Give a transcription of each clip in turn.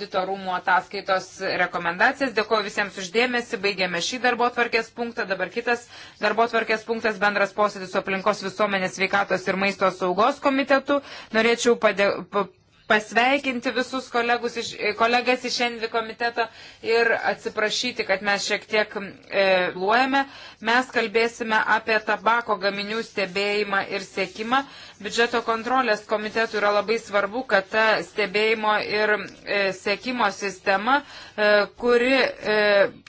auditorumo ataskaitos rekomendacijas. Dėkuoju visiems uždėmesi, baigėme šį darbo tvarkės punktą, dabar kitas darbo tvarkės punktas bendras posėdis su aplinkos visuomenės sveikatos ir maisto saugos komitetu. Norėčiau padėkoti pasveikinti visus iš, kolegas iš Envi komiteto ir atsiprašyti, kad mes šiek tiek e, luojame. Mes kalbėsime apie tabako gaminių stebėjimą ir sėkimą. Biudžeto kontrolės komitetų yra labai svarbu, kad ta stebėjimo ir e, sėkimo sistema, e, kuri e,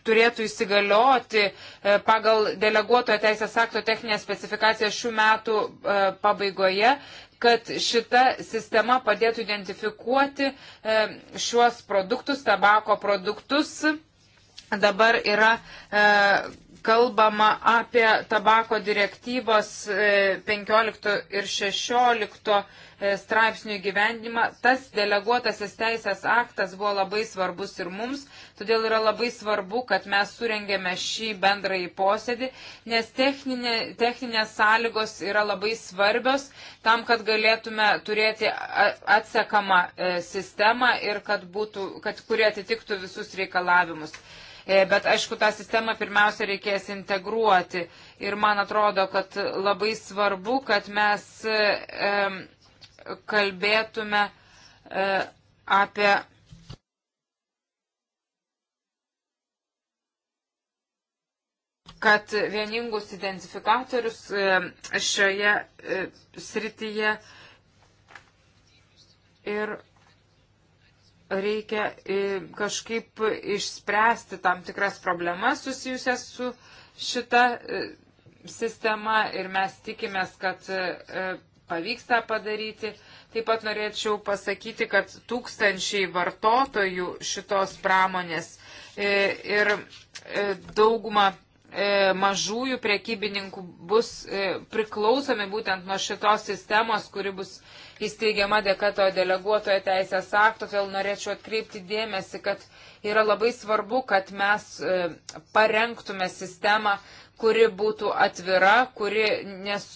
turėtų įsigalioti e, pagal deleguotojo teisės akto techninę specifikaciją šių metų e, pabaigoje, kad šita sistema padėtų identifikuoti e, šiuos produktus, tabako produktus. Dabar yra e, kalbama apie tabako direktyvos 15 e, ir 16 e, straipsnių įgyvendimą. Tas deleguotasis teisės aktas buvo labai svarbus ir mums, todėl yra labai svarbu, kad mes surengėme šį bendrąjį posėdį, nes techninė, techninės sąlygos yra labai svarbios tam, kad galėtume turėti atsekamą e, sistemą ir kad, būtų, kad kurie atitiktų visus reikalavimus. E, bet aišku, tą sistemą pirmiausia reikės integruoti. Ir man atrodo, kad labai svarbu, kad mes e, kalbėtume e, apie kad vieningus identifikatorius šioje srityje ir reikia e, kažkaip išspręsti tam tikras problemas susijusias su šita e, sistema ir mes tikimės, kad e, pavyks tą padaryti. Taip pat norėčiau pasakyti, kad tūkstančiai vartotojų šitos pramonės ir dauguma E, mažųjų prekybininkų bus e, priklausomi būtent nuo šitos sistemos, kuri bus įsteigiama dėka to deleguotojo teisės akto. Vėl norėčiau atkreipti dėmesį, kad yra labai svarbu, kad mes e, parengtume sistemą, kuri būtų atvira, kuri nes,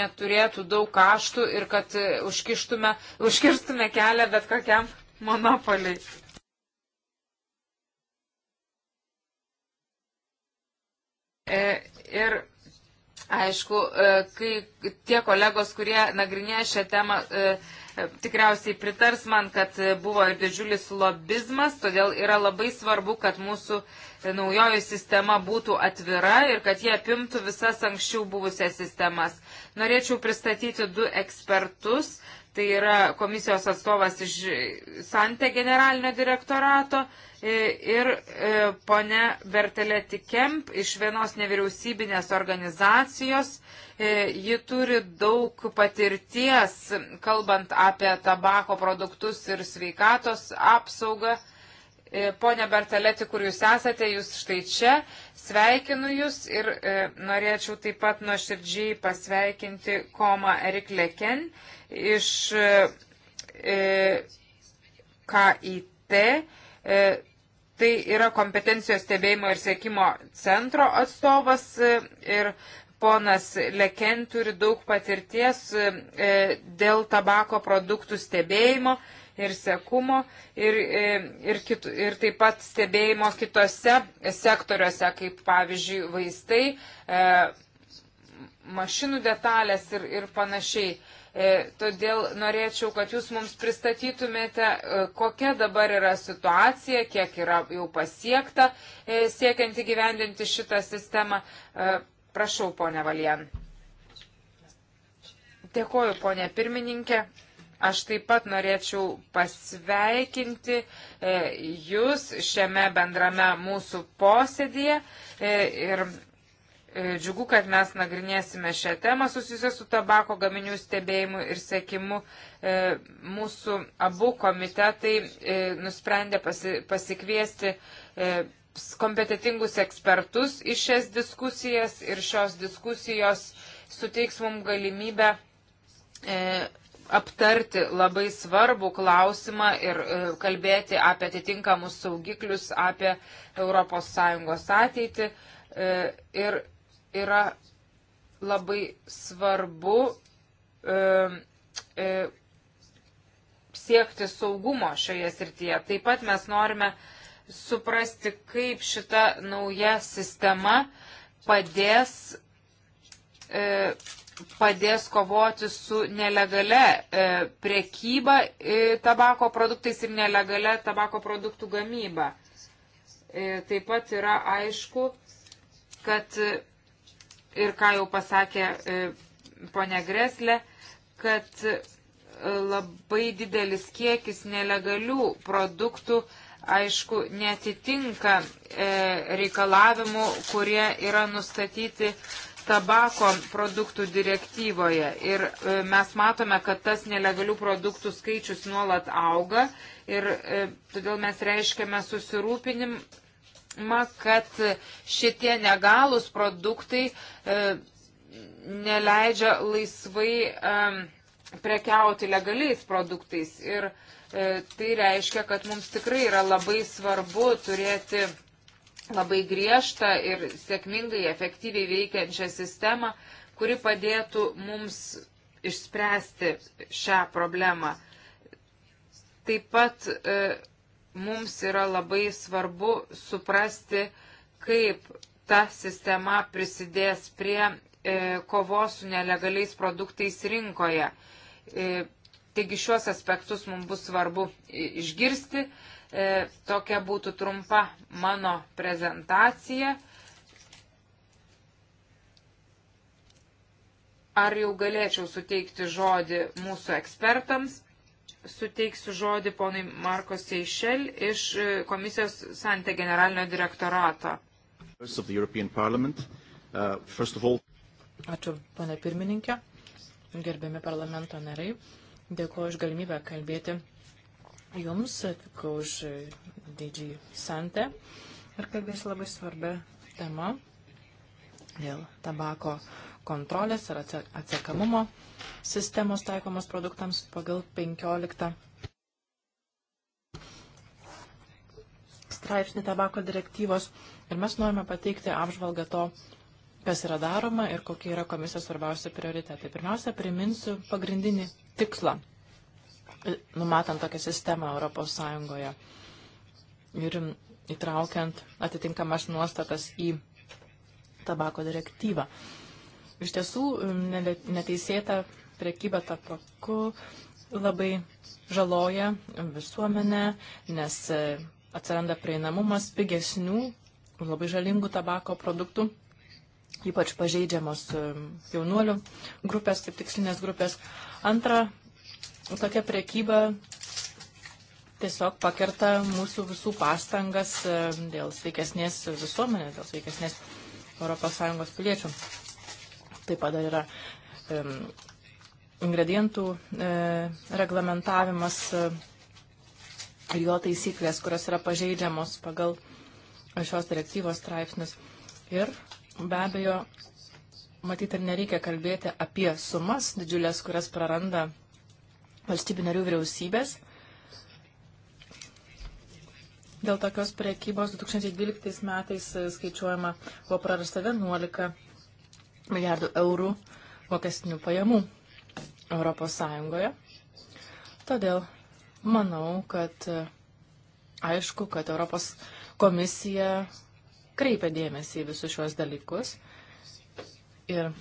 neturėtų daug kaštų ir kad užkištume, užkirstume kelią bet kokiam monopoliai. E, ir aišku, e, kai tie kolegos, kurie nagrinėja šią temą, e, tikriausiai pritars man, kad buvo ir didžiulis lobizmas, todėl yra labai svarbu, kad mūsų naujoji sistema būtų atvira ir kad jie apimtų visas anksčiau buvusias sistemas. Norėčiau pristatyti du ekspertus tai yra komisijos atstovas iš Sante generalinio direktorato e, ir e, ponė Berteletti Kemp iš vienos nevyriausybinės organizacijos. E, ji turi daug patirties, kalbant apie tabako produktus ir sveikatos apsaugą. E, Pone Bertaleti, kur jūs esate, jūs štai čia. Sveikinu jūs ir e, norėčiau taip pat nuoširdžiai pasveikinti Koma Erik Leken iš e, e KIT. E, tai yra kompetencijos stebėjimo ir sėkimo centro atstovas e, ir ponas Leken turi daug patirties e, dėl tabako produktų stebėjimo. E, ir sekumo ir, e, ir, kitu, ir taip pat stebėjimo kitose sektoriuose, kaip pavyzdžiui vaistai, e, mašinų detalės ir, ir panašiai. E, todėl norėčiau, kad jūs mums pristatytumėte, e, kokia dabar yra situacija, kiek yra jau pasiekta e, siekiant įgyvendinti šitą sistemą. E, prašau, ponia Valien. Dėkoju, ponė pirmininkė. Aš taip pat norėčiau pasveikinti e, jūs šiame bendrame mūsų posėdėje e, ir e, džiugu, kad mes nagrinėsime šią temą susijusią su tabako gaminių stebėjimu ir sekimu. Mūsų abu komitetai nusprendė pasi, pasikviesti kompetitingus ekspertus į šias diskusijas ir šios diskusijos suteiks mums galimybę aptarti labai svarbų klausimą ir e, kalbėti apie atitinkamus saugiklius, apie ES ateitį. E, ir yra labai svarbu e, siekti saugumo šioje srityje. Taip pat mes norime suprasti, kaip šita nauja sistema padės e, padės kovoti su nelegale e, priekyba e, tabako produktais ir nelegale tabako produktų gamyba. E, taip pat yra aišku, kad e, ir ką jau pasakė e, ponė Greslė, kad e, labai didelis kiekis nelegalių produktų, aišku, netitinka e, reikalavimų, kurie yra nustatyti e, tabako produktų direktyvoje. Ir e, mes matome, kad tas nelegalių produktų skaičius nuolat auga ir e, todėl mes reiškiame susirūpinimą, kad šitie negalus produktai e, neleidžia laisvai prekiauti legaliais produktais. Ir tai reiškia, kad mums tikrai yra labai svarbu turėti labai griežtą ir sėkmingai, efektyviai veikiančią sistemą, kuri padėtų mums išspręsti šią problemą. Taip pat e, mums yra labai svarbu suprasti, kaip ta sistema prisidės prie e, kovos su nelegaliais produktais rinkoje. E, taigi šiuos aspektus mums bus svarbu išgirsti. E, E, tokia būtų trumpa mano prezentacija. Ar jau galėčiau suteikti žodį mūsų ekspertams? Suteiksiu žodį ponui Marko Seišel iš e, Komisijos santė generalinio direktorato. Uh, Ačiū, ponė pirmininkė, gerbiami parlamento nariai. Dėkuoju už galimybę kalbėti Jums, atvykau už didžiai santę ir kalbės labai svarbia tema dėl tabako kontrolės ir atsiekamumo sistemos taikomos produktams pagal 15 straipsnį tabako direktyvos. Ir mes norime pateikti apžvalgą to, kas yra daroma ir kokie yra komisijos svarbiausia prioritetai. Pirmiausia, priminsiu pagrindinį tikslą numatant tokią sistemą Europos Sąjungoje ir įtraukiant atitinkamas nuostatas į tabako direktyvą. Iš tiesų, neteisėta prekyba tabaku labai žaloja visuomenę, nes e, atsiranda prieinamumas pigesnių, labai žalingų tabako produktų, ypač pažeidžiamos e, jaunuolių grupės, kaip tikslinės grupės. Antra, tokia priekyba tiesiog pakerta mūsų visų pastangas e, dėl sveikesnės visuomenės, dėl sveikesnės ES piliečių. Taip pat yra um, ingredientų e, reglamentavimas e, ir jo taisyklės, kurios yra pažeidžiamos pagal šios direktyvos straipsnius. Ir be abejo, matyt, ir nereikia kalbėti apie sumas didžiulės, kurias praranda valstybių narių vyriausybės. Dėl tokios prekybos 2012 metais e, skaičiuojama buvo prarasta 11 milijardų eurų mokestinių pajamų Europos Sąjungoje. Todėl manau, kad e, aišku, kad Europos komisija kreipia dėmesį į visus šios dalykus ir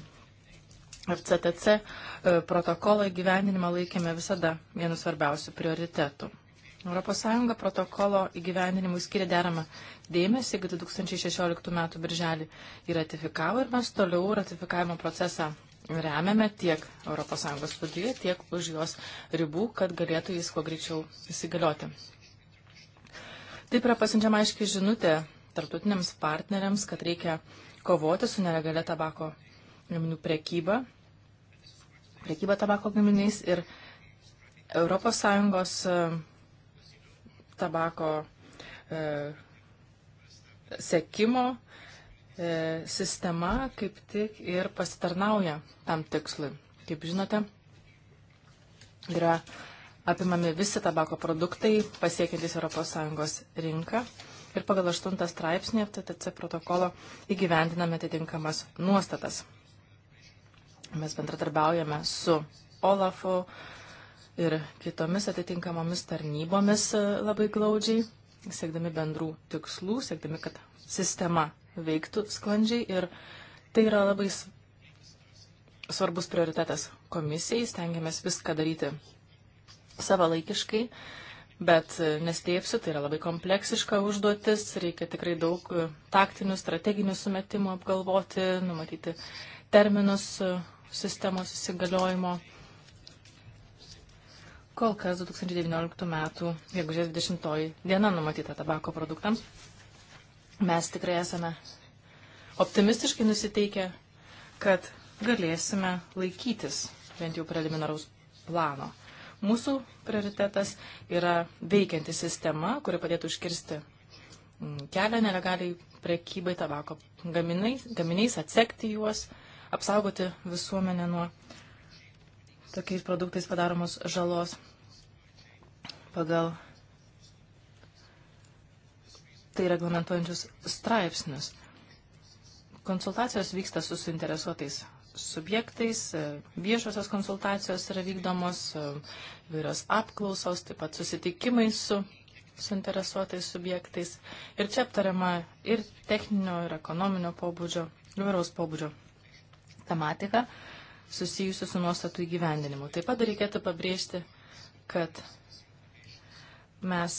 FCTC e, protokolo įgyvendinimą laikėme visada vienu svarbiausių prioritetų. ES protokolo įgyvendinimui skiria deramą dėmesį, kad 2016 m. birželį jį ratifikavo ir mes toliau ratifikavimo procesą remiame tiek ES viduje, tiek už jos ribų, kad galėtų jis kuo greičiau įsigalioti. Taip yra pasiunčiama aiškiai žinutė tarptautiniams partneriams, kad reikia kovoti su nelegalia tabako gaminių prekybą, prekybą tabako gaminiais ir ES e, tabako e, sekimo e, sistema kaip tik ir pasitarnauja tam tikslui. Kaip žinote, yra apimami visi tabako produktai pasiekiantys ES rinką ir pagal 8 straipsnį FTTC protokolo įgyvendiname atitinkamas nuostatas. Mes bendradarbiaujame su Olafu ir kitomis atitinkamomis tarnybomis e, labai glaudžiai, siekdami bendrų tikslų, siekdami, kad sistema veiktų sklandžiai. Ir tai yra labai svarbus prioritetas komisijai, stengiamės viską daryti savalaikiškai, bet e, nestėpsiu, tai yra labai kompleksiška užduotis, reikia tikrai daug e, taktinių, strateginių sumetimų apgalvoti, numatyti terminus sistemos įsigaliojimo. Kol kas 2019 metų, gegužės 20 diena numatyta tabako produktams. Mes tikrai esame optimistiškai nusiteikę, kad galėsime laikytis bent jau preliminaraus plano. Mūsų prioritetas yra veikianti sistema, kuri padėtų iškirsti kelią nelegaliai prekybai tabako gaminiais, gaminiais atsekti juos apsaugoti visuomenę nuo tokiais produktais padaromos žalos pagal tai reglamentuojančius straipsnius. Konsultacijos vyksta su suinteresuotais subjektais, viešosios konsultacijos yra vykdomos, vairios apklausos, taip pat susitikimai su suinteresuotais subjektais. Ir čia aptariama ir techninio, ir ekonominio pobūdžio, įvairaus pobūdžio tematiką susijusių su nuostatų įgyvendinimu. Taip pat reikėtų pabrėžti, kad mes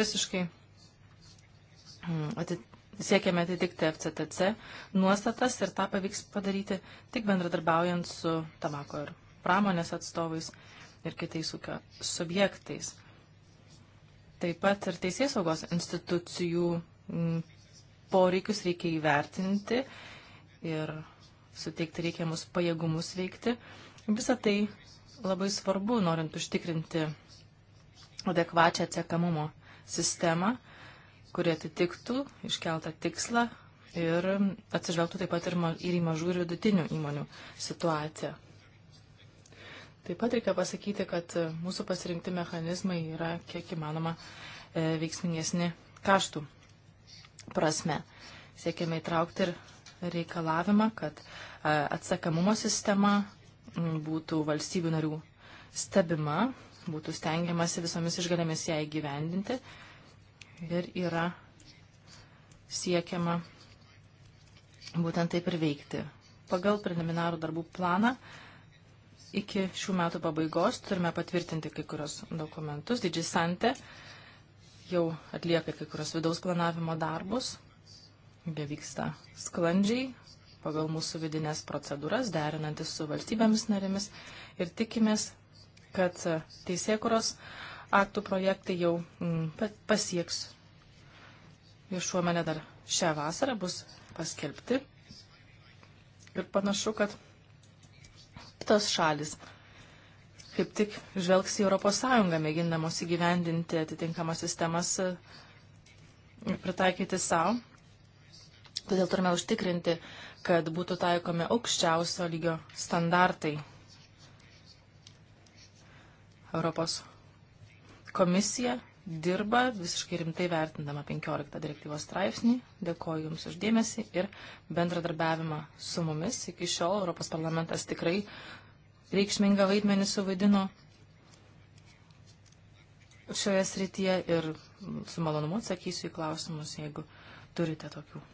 visiškai mm, atit siekiame atitikti FCTC nuostatas ir tą pavyks padaryti tik bendradarbiaujant su tabako ir pramonės atstovais ir kitais ūkio subjektais. Taip pat ir teisės saugos institucijų mm, poreikius reikia įvertinti ir suteikti reikiamus pajėgumus veikti. Visą tai labai svarbu, norint užtikrinti adekvačią atsiekamumo sistemą, kuri atitiktų iškeltą tikslą ir atsižvelgtų taip pat ir, ma, ir į mažų ir vidutinių įmonių situaciją. Taip pat reikia pasakyti, kad mūsų pasirinkti mechanizmai yra kiek įmanoma e, veiksmingesni kaštų prasme. Siekiame įtraukti ir reikalavimą, kad e, atsakamumo sistema būtų valstybių narių stebima, būtų stengiamasi visomis išgalėmis ją įgyvendinti ir yra siekiama būtent taip ir veikti. Pagal preliminarų darbų planą iki šių metų pabaigos turime patvirtinti kai kurios dokumentus. Didžiai Sante jau atlieka kai kurios vidaus planavimo darbus, bevyksta sklandžiai pagal mūsų vidinės procedūras, derinantis su valstybėmis narėmis ir tikimės, kad teisėkuros aktų projektai jau mm, pasieks viešuomenę dar šią vasarą, bus paskelbti. Ir panašu, kad kitos šalis kaip tik žvelgs į ES, mėgindamos įgyvendinti atitinkamas sistemas ir pritaikyti savo. Todėl turime užtikrinti, kad būtų taikomi aukščiausio lygio standartai. Europos komisija dirba visiškai rimtai vertindama 15 direktyvos straipsnį. Dėkoju Jums uždėmesi ir bendradarbiavimą su mumis. Iki šiol Europos parlamentas tikrai reikšmingą vaidmenį suvaidino šioje srityje ir su malonumu atsakysiu į klausimus, jeigu turite tokių.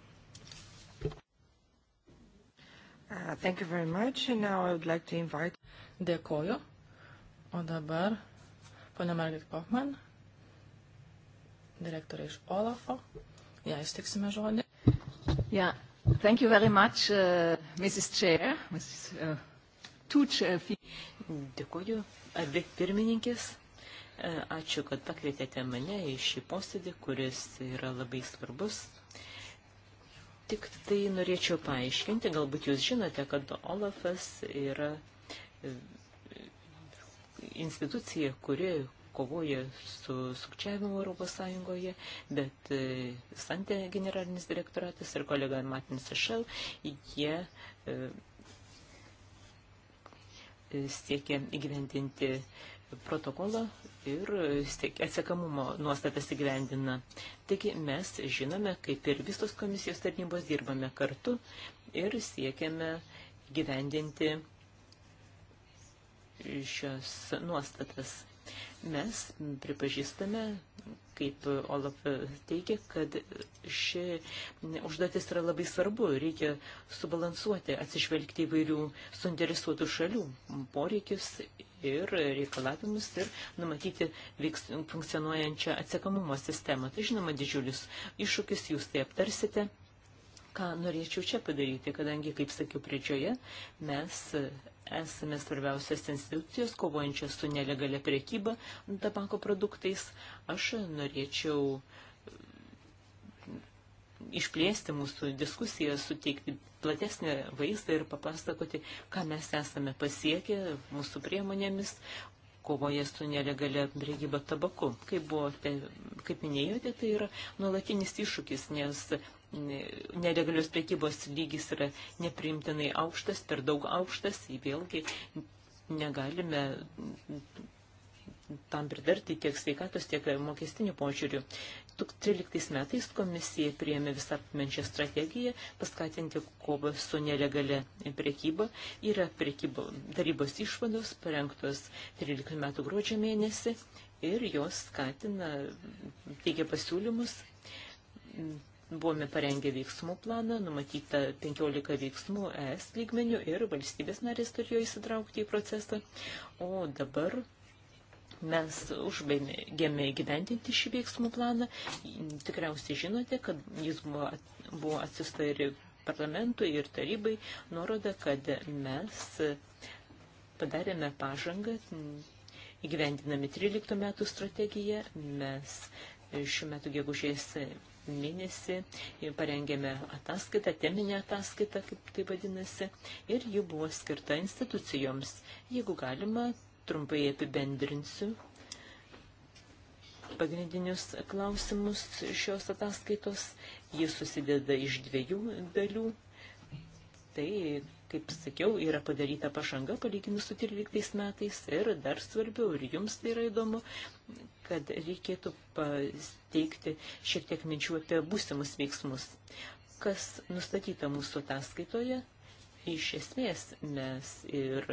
Uh, thank you very much. And now I would like to invite... Dėkoju. O dabar ponia Margit Kochman, direktorė iš Olafo. Jai stiksime žodį. Yeah. Thank you very much, uh, Mrs. Chair. Mrs. Uh, two chair. Uh, Dėkoju, abi pirmininkės. Uh, ačiū, kad pakvietėte mane į šį posėdį, kuris yra labai svarbus Tik tai norėčiau paaiškinti, galbūt jūs žinote, kad Olafas yra e, institucija, kuri kovoja su sukčiavimu Europos Sąjungoje, bet e, Santė generalinis direktoratas ir kolega Matinis Ešel, jie e, siekia įgyventinti uh, protokolą ir atsekamumo nuostatas įgyvendina. Taigi mes žinome, kaip ir visos komisijos tarnybos dirbame kartu ir siekiame gyvendinti šios nuostatas. Mes pripažįstame, kaip Olaf teigia, kad ši užduotis yra labai svarbu, reikia subalansuoti, atsižvelgti įvairių suinteresuotų šalių poreikius ir reikalavimus ir numatyti veiks, funkcionuojančią atsekamumo sistemą. Tai žinoma didžiulis iššūkis, jūs tai aptarsite. Ką norėčiau čia padaryti, kadangi, kaip sakiau pradžioje, mes Esame svarbiausias institucijos, kovojančios su nelegalia priekyba tabako produktais. Aš norėčiau mm, išplėsti mūsų diskusiją, suteikti platesnį vaizdą ir papasakoti, ką mes esame pasiekę mūsų priemonėmis kovoje su nelegalia priekyba tabaku. Kaip, buvote, kaip minėjote, tai yra nuolatinis iššūkis, nes nelegalios priekybos lygis yra nepriimtinai aukštas, per daug aukštas, vėlgi negalime tam pritarti tiek sveikatos, tiek mokestinių požiūrių. 2013 metais komisija priėmė visą apmenčią strategiją paskatinti kovą su nelegale priekyba. Yra priekybo darybos išvados parengtos 13 metų gruodžio mėnesį ir jos skatina, teikia pasiūlymus Buvome parengę veiksmų planą, numatyta 15 veiksmų ES lygmenių ir valstybės narės turėjo įsitraukti į procesą, o dabar mes užbaigėme gyventinti šį veiksmų planą. Tikriausiai žinote, kad jis buvo, buvo atsista ir parlamentui, ir tarybai, nuroda, kad mes padarėme pažangą, įgyvendinami 13 metų strategiją, mes šiuo metu gegužės mėnesį parengėme ataskaitą, teminę ataskaitą, kaip tai vadinasi, ir ji buvo skirta institucijoms. Jeigu galima, trumpai apibendrinsiu pagrindinius klausimus šios ataskaitos. Jis susideda iš dviejų dalių. Tai kaip sakiau, yra padaryta pažanga palyginus su 13 metais ir dar svarbiau, ir jums tai yra įdomu, kad reikėtų pateikti šiek tiek minčių apie būsimus veiksmus. Kas nustatyta mūsų ataskaitoje, iš esmės mes ir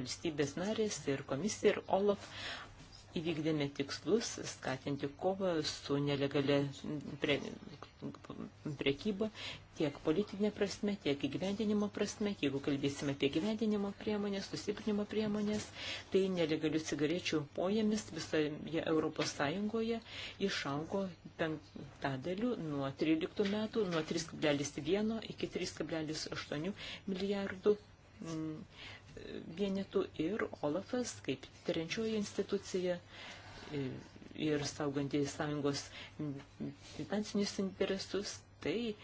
valstybės narės, ir komisija, ir OLAF įvykdėme tikslus skatinti kovą su nelegalia pre, prekyba tiek politinė prasme, tiek įgyvendinimo prasme. Jeigu kalbėsime apie gyvendinimo priemonės, sustiprinimo priemonės, tai nelegalių cigarečių pojamis visoje Europos Sąjungoje išaugo penktadalių nuo 13 metų, nuo 3,1 iki 3,8 milijardų mm, vienetų ir Olafas kaip tyriančioji institucija e, ir sauganti sąjungos finansinius interesus tai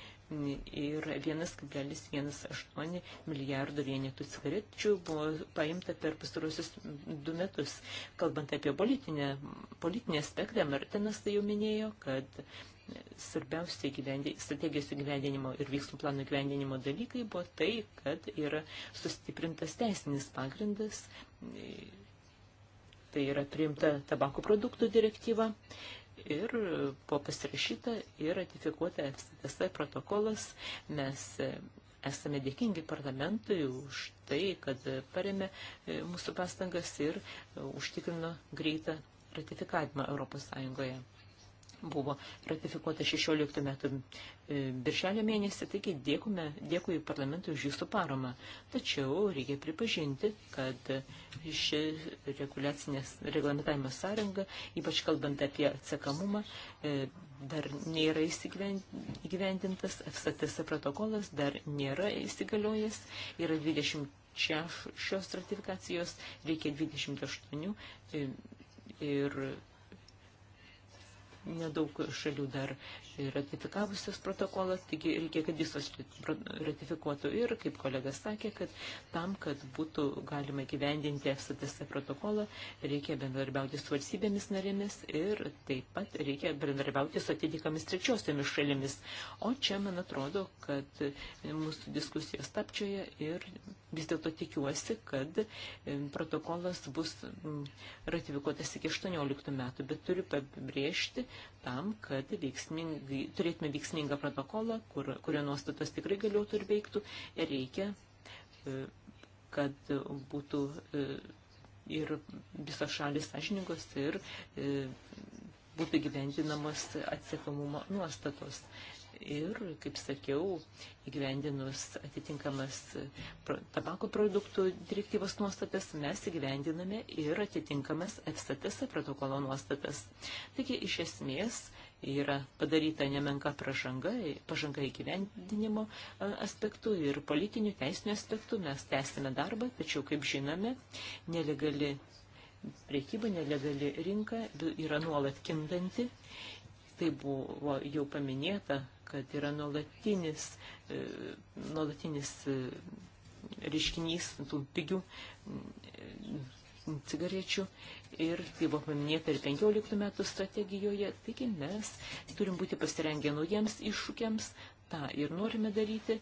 ir 1,18 milijardo vienetų cigarečių buvo paimta per pastarosius du metus. Kalbant apie politinę, politinį aspektą, Martinas tai jau minėjo, kad svarbiausia strategijos įgyvendinimo ir veiksmų plano įgyvendinimo dalykai buvo tai, kad yra sustiprintas teisinis pagrindas, tai yra priimta tabako produktų direktyva, ir po e, pasirašyta ir ratifikuota FCTS protokolas mes e, esame dėkingi parlamentui už tai, kad paremė e, mūsų pastangas ir užtikrino greitą ratifikavimą Europos Sąjungoje buvo ratifikuota 16 metų e, birželio mėnesį, taigi dėkume, dėkui parlamentui už jūsų paramą. Tačiau reikia pripažinti, kad ši reguliacinės reglamentavimo sąranga, ypač kalbant apie atsekamumą, e, dar nėra įgyvendintas, FSTS protokolas dar nėra įsigaliojęs, yra 26 šios ratifikacijos, reikia 28 e, ir nedaug šalių dar yra tai ratifikavusios protokolą, tik reikia, kad visos ratifikuotų ir, kaip kolega sakė, kad tam, kad būtų galima gyvendinti FCTC protokolą, reikia bendradarbiauti su valstybėmis narėmis ir taip pat reikia bendradarbiauti su atitikamis trečiosiomis šalimis. O čia, man atrodo, kad mūsų diskusijos tapčioje ir vis dėlto tikiuosi, kad protokolas bus ratifikuotas iki 18 metų, bet turiu pabrėžti, tam, kad veiksmingai, turėtume veiksmingą protokolą, kur, kurio nuostatas tikrai galiotų ir veiktų, ir reikia, e, kad būtų e, ir visos šalis sąžiningos ir e, būtų gyventinamas atsiekamumo nuostatos ir, kaip sakiau, įgyvendinus atitinkamas tabako produktų direktyvos nuostatas, mes įgyvendiname ir atitinkamas FSTS protokolo nuostatas. Taigi, iš esmės, yra padaryta nemenka pažanga, pažanga įgyvendinimo aspektų ir politinių teisinių aspektų. Mes tęsime darbą, tačiau, kaip žinome, nelegali priekyba, nelegali rinka yra nuolat kintanti tai buvo jau paminėta, kad yra nuolatinis, e, nuolatinis e, reiškinys tų pigių mm, e, cigarečių ir tai buvo paminėta ir 15 metų strategijoje, taigi mes turim būti pasirengę naujiems iššūkiams, tą ir norime daryti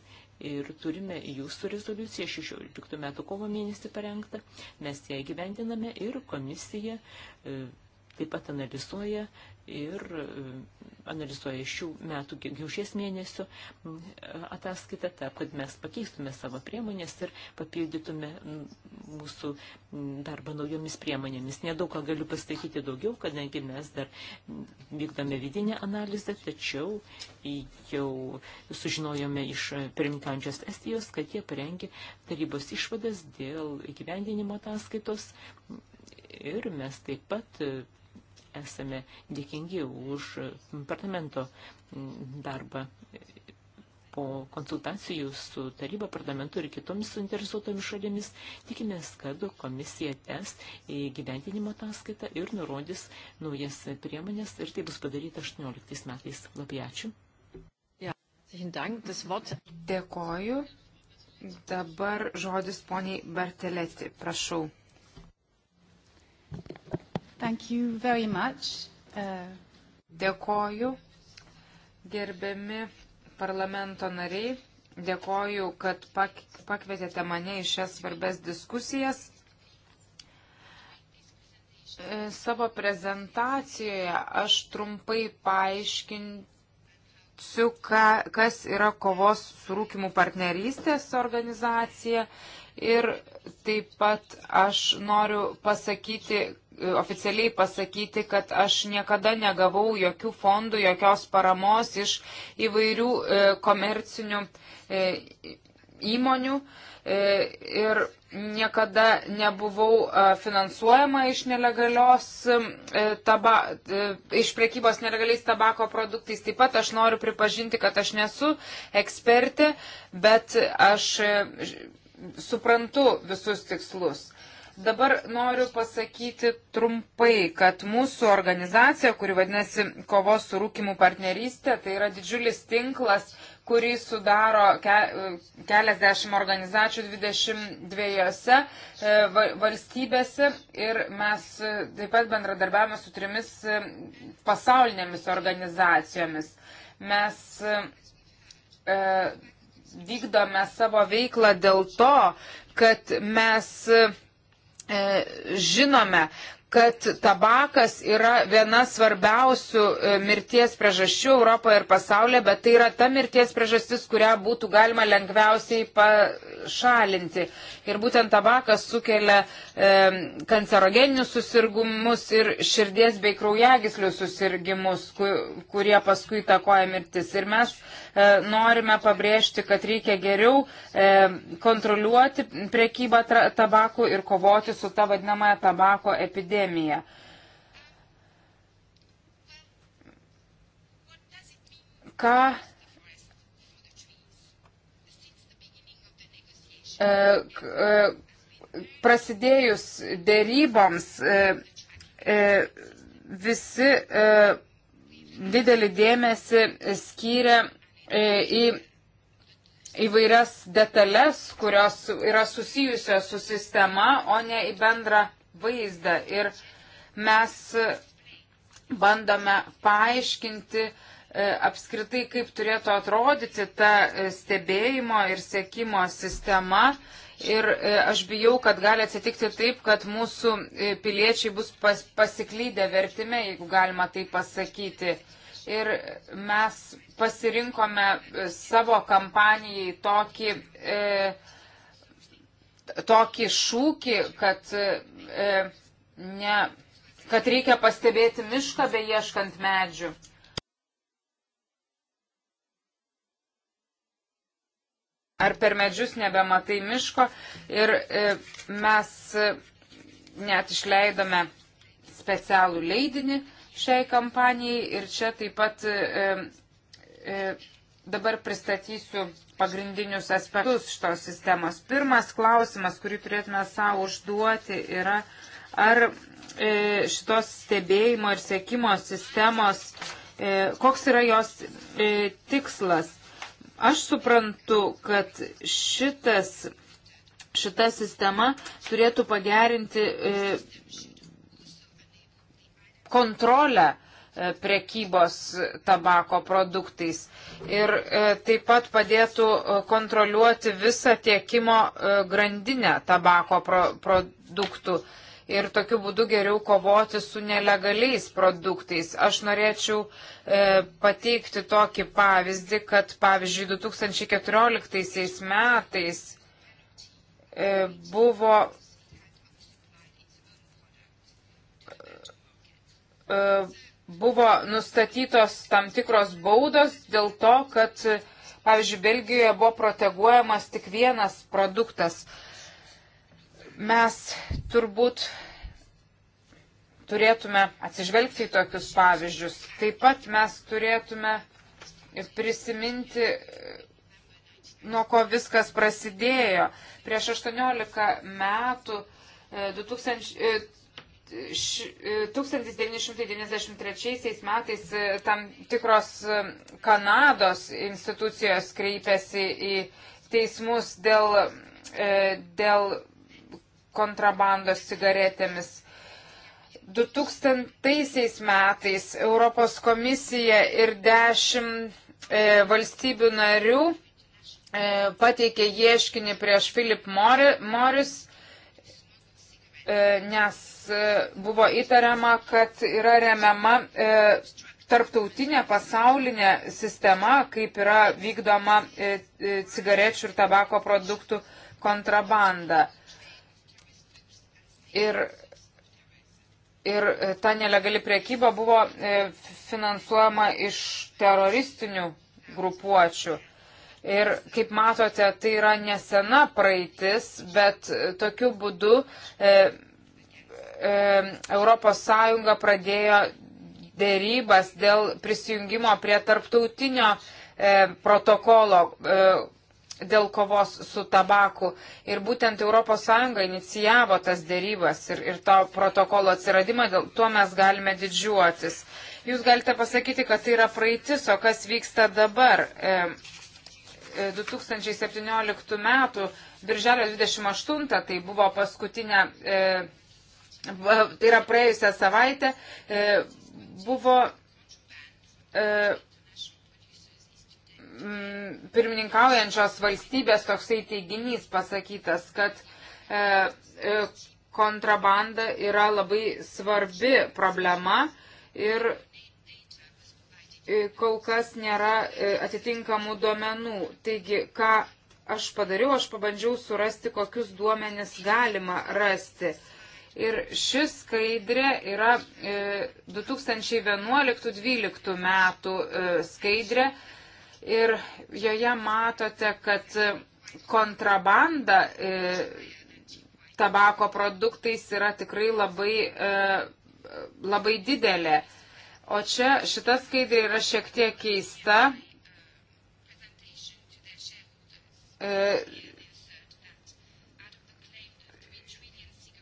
ir turime jūsų rezoliuciją 16 metų kovo mėnesį parengtą, mes ją gyvendiname ir komisija e, taip pat analizuoja ir e, analizuoja šių metų gegužės mėnesio ataskaitą, ta, kad mes pakeistume savo priemonės ir papildytume mūsų darbą naujomis priemonėmis. Nedaug ką galiu pasakyti daugiau, kadangi mes dar vykdome vidinę analizę, tačiau jau sužinojome iš pirmininkančios Estijos, kad jie parengė tarybos išvadas dėl įgyvendinimo ataskaitos ir mes taip pat esame dėkingi už parlamento darbą po konsultacijų su taryba, parlamentu ir kitomis suinteresuotomis šalimis tikimės, kad komisija tęs gyventinimo ataskaitą ir nurodys naujas priemonės ir tai bus padaryta 18 metais. Labai ačiū. Dėkoju. Dabar žodis poniai Barteleti, prašau. Thank you very much. Uh... Dėkoju, gerbiami parlamento nariai. Dėkoju, kad pak, pakvietėte mane į šias svarbes diskusijas. E, savo prezentacijoje aš trumpai paaiškinsiu, ka, kas yra kovos su rūkimu partnerystės organizacija ir taip pat aš noriu pasakyti, oficialiai pasakyti, kad aš niekada negavau jokių fondų, jokios paramos iš įvairių e, komercinių e, įmonių e, ir niekada nebuvau e, finansuojama iš nelegalios e, taba, e, iš prekybos nelegaliais tabako produktais. Taip pat aš noriu pripažinti, kad aš nesu ekspertė, bet aš. E, suprantu visus tikslus. Dabar noriu pasakyti trumpai, kad mūsų organizacija, kuri vadinasi Kovos su rūkimu partnerystė, tai yra didžiulis tinklas, kurį sudaro ke, keliasdešimt organizacijų 22 e, valstybėse ir mes e, taip pat bendradarbiavame su trimis e, pasaulinėmis organizacijomis. Mes e, vykdome savo veiklą dėl to, kad mes E, žinome, kad tabakas yra viena svarbiausių e, mirties priežasčių Europoje ir pasaulyje, bet tai yra ta mirties priežastis, kurią būtų galima lengviausiai pašalinti. Ir būtent tabakas sukelia e, kancerogeninius susirgumus ir širdies bei kraujagislių susirgimus, ku, kurie paskui takoja mirtis. Ir mes e, norime pabrėžti, kad reikia geriau e, kontroliuoti prekybą tabakų ir kovoti su ta vadinamąją tabako epidemija pandemiją. Ką e, e, prasidėjus dėryboms e, visi didelį dėmesį skyrė į įvairias detalės, kurios yra susijusios su sistema, o ne į bendrą vaizdą ir mes bandome paaiškinti e, apskritai, kaip turėtų atrodyti ta e, stebėjimo ir sėkimo sistema. Ir e, aš bijau, kad gali atsitikti taip, kad mūsų piliečiai bus pas, pasiklydę vertime, jeigu galima tai pasakyti. Ir mes pasirinkome savo kampanijai tokį e, tokį šūkį, kad, e, ne, kad reikia pastebėti mišką beieškant medžių. Ar per medžius nebematai miško ir e, mes e, net išleidome specialų leidinį šiai kampanijai ir čia taip pat e, e, Dabar pristatysiu pagrindinius aspektus šitos sistemos. Pirmas klausimas, kurį turėtume savo užduoti, yra, ar e, šitos stebėjimo ir sėkimo sistemos, e, koks yra jos e, tikslas. Aš suprantu, kad šitas, šita sistema turėtų pagerinti kontrolę E, prekybos tabako produktais. Ir e, taip pat padėtų e, kontroliuoti visą tiekimo grandinę tabako pro, produktų. Ir tokiu būdu geriau kovoti su nelegaliais produktais. Aš norėčiau e, pateikti tokį pavyzdį, kad pavyzdžiui 2014 metais e, buvo e, buvo nustatytos tam tikros baudos dėl to, kad, pavyzdžiui, Belgijoje buvo proteguojamas tik vienas produktas. Mes turbūt turėtume atsižvelgti į tokius pavyzdžius. Taip pat mes turėtume prisiminti, nuo ko viskas prasidėjo. Prieš 18 metų 2000, e, 1993 e, metais e, tam tikros e, Kanados institucijos kreipėsi į teismus dėl, dėl kontrabandos cigaretėmis. 2000 metais Europos komisija ir 10 valstybių narių pateikė ieškinį prieš Philip Morris, nes E, buvo įtariama, kad yra remiama e, tarptautinė pasaulinė sistema, kaip yra vykdoma e, e cigarečių ir tabako produktų kontrabanda. Ir, ir e, ta nelegali priekyba buvo e, finansuojama iš teroristinių grupuočių. Ir kaip matote, tai yra nesena praeitis, bet tokiu būdu e, ES pradėjo dėrybas dėl prisijungimo prie tarptautinio e, protokolo e, dėl kovos su tabaku. Ir būtent ES inicijavo tas dėrybas ir, ir to protokolo atsiradimą, dėl tuo mes galime didžiuotis. Jūs galite pasakyti, kad tai yra praeitis, o kas vyksta dabar. E, 2017 e, metų, birželio 28, tai buvo paskutinė. E, tai yra praėjusią savaitę, e, buvo e, mm, pirmininkaujančios valstybės toksai teiginys pasakytas, kad e, kontrabanda yra labai svarbi problema ir kol kas nėra atitinkamų duomenų. Taigi, ką aš padariau, aš pabandžiau surasti, kokius duomenis galima rasti. E, Ir ši skaidrė yra 2011-2012 e, metų e, skaidrė. Ir joje matote, kad kontrabanda e, tabako produktais yra tikrai labai, labai didelė. O čia šita skaidrė yra šiek tiek keista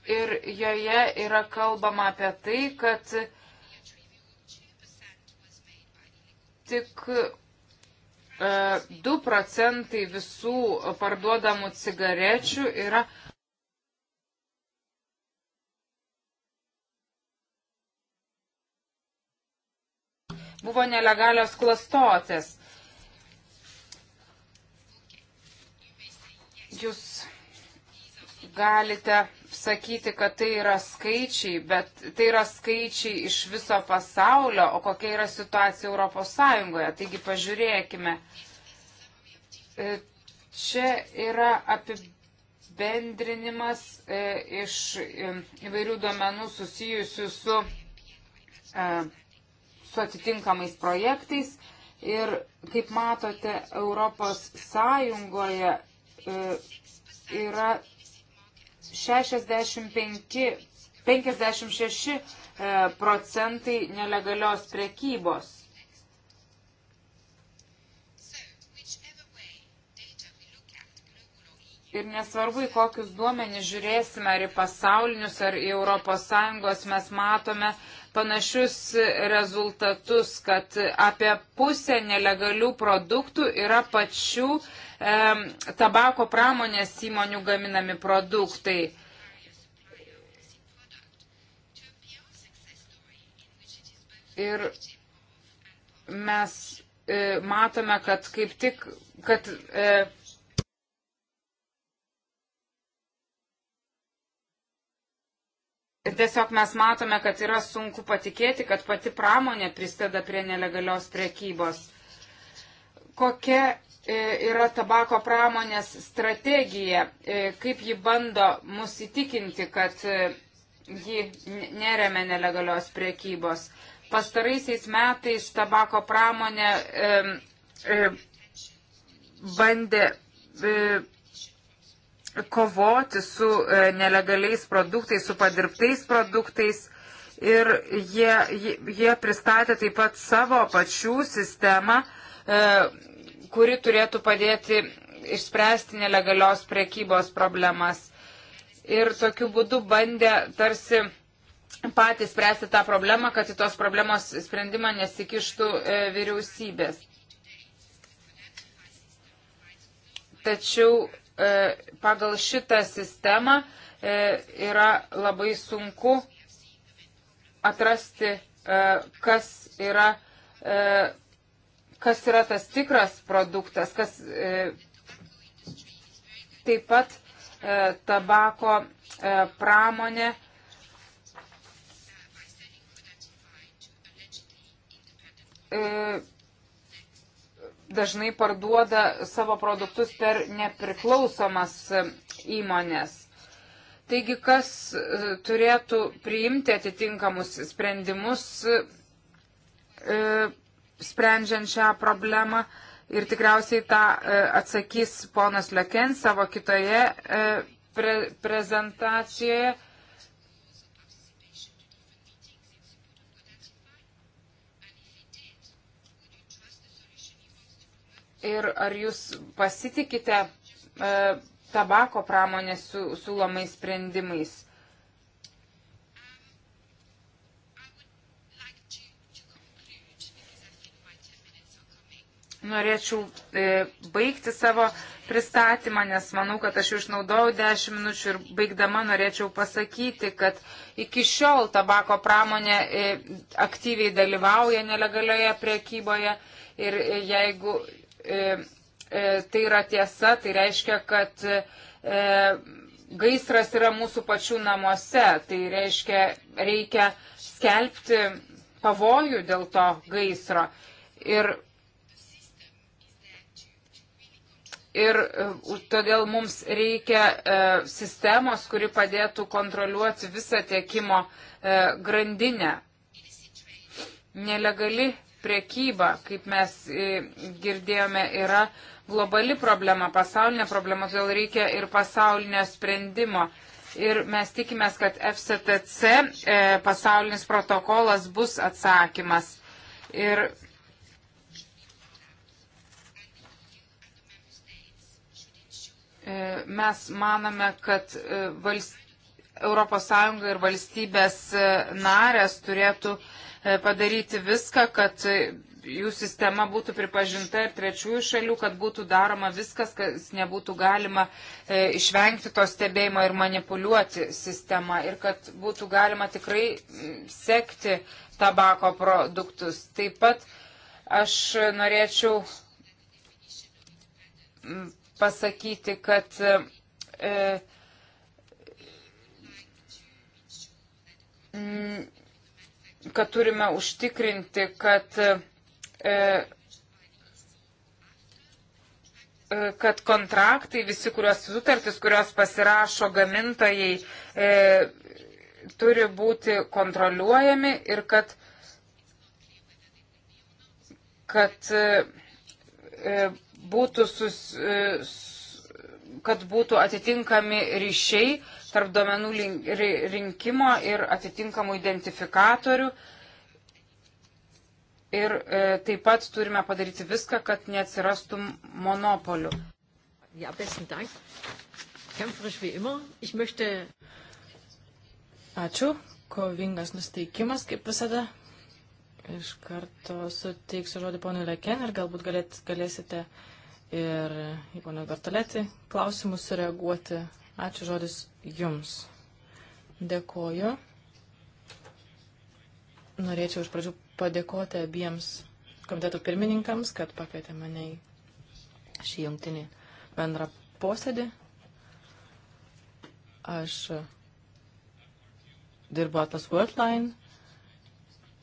ir joje yra kalbama apie tai, kad tik 2 e, procentai visų parduodamų cigarečių yra. Buvo nelegalios klastotės. Jūs galite sakyti, kad tai yra skaičiai, bet tai yra skaičiai iš viso pasaulio, o kokia yra situacija Europos Sąjungoje. Taigi pažiūrėkime. E, čia yra apibendrinimas e, iš e, įvairių duomenų susijusių su, su atitinkamais projektais. Ir kaip matote, Europos Sąjungoje yra 65, 56 e, procentai nelegalios prekybos. Ir nesvarbu, į kokius duomenys žiūrėsime, ar į pasaulinius, ar į ES, mes matome, panašius rezultatus, kad apie pusę nelegalių produktų yra pačių e, tabako pramonės įmonių gaminami produktai. Ir mes e, matome, kad kaip tik, kad e, Ir tiesiog mes matome, kad yra sunku patikėti, kad pati pramonė prisideda prie nelegalios priekybos. Kokia e, yra tabako pramonės strategija, e, kaip ji bando mus įtikinti, kad e, ji neremia nelegalios priekybos. Pastaraisiais metais tabako pramonė e, e, bandė e, kovoti su e, nelegaliais produktais, su padirbtais produktais. Ir jie, jie pristatė taip pat savo pačių sistemą, e, kuri turėtų padėti išspręsti nelegalios prekybos problemas. Ir tokiu būdu bandė tarsi patys spręsti tą problemą, kad į tos problemos sprendimą nesikištų e, vyriausybės. Tačiau E, pagal šitą sistemą e, yra labai sunku atrasti, e, kas yra, kas yra tas tikras produktas, kas taip pat tabako pramonė e, dažnai parduoda savo produktus per nepriklausomas įmonės. Taigi, kas e, turėtų priimti atitinkamus sprendimus, e, sprendžiant šią problemą. Ir tikriausiai tą e, atsakys ponas Leken savo kitoje pre prezentacijoje. ir ar jūs pasitikite e, tabako pramonės siūlomais su, sprendimais? Norėčiau e, baigti savo pristatymą, nes manau, kad aš jau išnaudojau 10 minučių ir baigdama norėčiau pasakyti, kad iki šiol tabako pramonė e, aktyviai dalyvauja nelegalioje priekyboje ir e, jeigu E, e, tai yra tiesa, tai reiškia, kad e, gaisras yra mūsų pačių namuose, tai reiškia, reikia skelbti pavojų dėl to gaisro. Ir Ir todėl mums reikia e, sistemos, kuri padėtų kontroliuoti visą tiekimo e, grandinę. Nelegali Prekyba, kaip mes e, girdėjome, yra globali problema, pasaulinė problema, todėl reikia ir pasaulinio sprendimo. Ir mes tikimės, kad FCTC e, pasaulinis protokolas bus atsakymas. Ir e, mes manome, kad e, valst... ES ir valstybės narės turėtų E, padaryti viską, kad jų sistema būtų pripažinta ir trečiųjų šalių, kad būtų daroma viskas, kas nebūtų galima e, išvengti to stebėjimo ir manipuliuoti sistemą ir kad būtų galima tikrai sekti tabako produktus. Taip pat aš norėčiau pasakyti, kad e, kad turime užtikrinti, kad, e, e, kad kontraktai, visi kurios sutartys, kurios pasirašo gamintojai, e, turi būti kontroliuojami ir kad, kad e, e būtų sus, e, kad būtų atitinkami ryšiai tarp duomenų rinkimo ir atitinkamų identifikatorių. Ir e, taip pat turime padaryti viską, kad neatsirastų monopolių. Ja, besten Dank. Kämpferisch wie immer. Ich möchte. Ačiū. Kovingas nusteikimas, kaip visada. Iš karto suteiksiu žodį ponui Leken ir galbūt galėt, galėsite uh, ir į poną Gartoletį klausimus reaguoti. Ačiū žodis Jums. Dėkoju. Norėčiau iš pradžių padėkoti abiems komiteto pirmininkams, kad pakvietė mane į šį jungtinį bendrą posėdį. Aš dirbu Atlas Worldline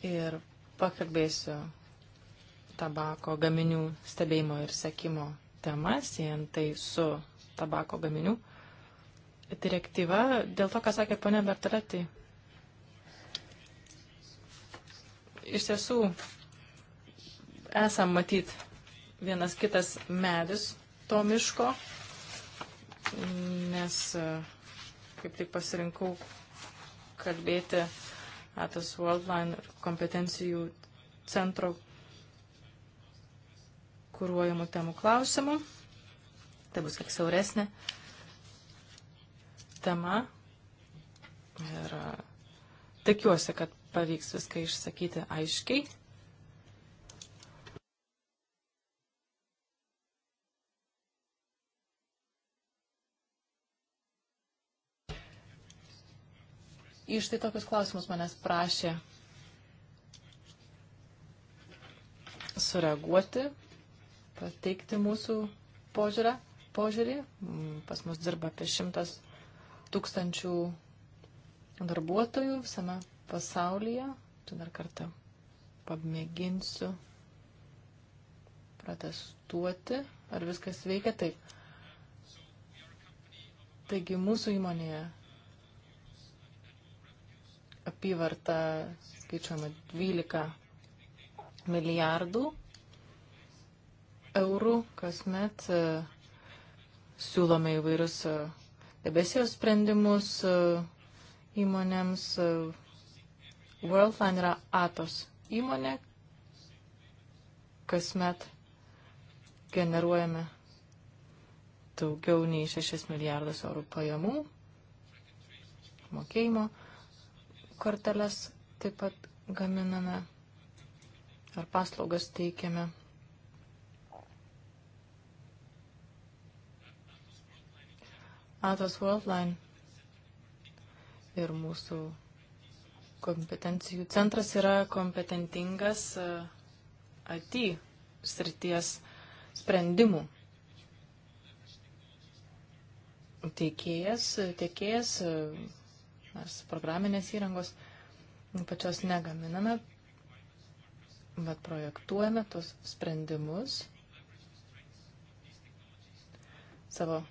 ir pakalbėsiu tabako gaminių stebėjimo ir sekimo tema, siejant tai su tabako gaminių direktyva. Dėl to, ką sakė ponia Bertaretti, iš tiesų esam matyt vienas kitas medis to miško, nes kaip tik pasirinkau kalbėti Atos Worldline kompetencijų centro kūruojamų temų klausimų. Tai bus kiek siauresnė tema. Ir e, tikiuosi, kad pavyks viską išsakyti aiškiai. Iš tai tokius klausimus manęs prašė sureaguoti pateikti mūsų požiūrę, požiūrį. Pas mus dirba apie šimtas tūkstančių darbuotojų visame pasaulyje. Tu dar kartą pamėginsiu protestuoti, ar viskas veikia taip. Taigi mūsų įmonėje apyvarta skaičiuojama 12 milijardų eurų kasmet. E, siūlome įvairius e, debesijos sprendimus e, įmonėms. Worldline yra Atos įmonė. Kasmet generuojame daugiau nei 6 milijardus eurų pajamų, mokėjimo korteles taip pat gaminame ar paslaugas teikiame. Atos Worldline ir mūsų kompetencijų centras yra kompetentingas e, IT srities sprendimų teikėjas, tiekėjas, e, mes programinės įrangos pačios negaminame, bet projektuojame tos sprendimus savo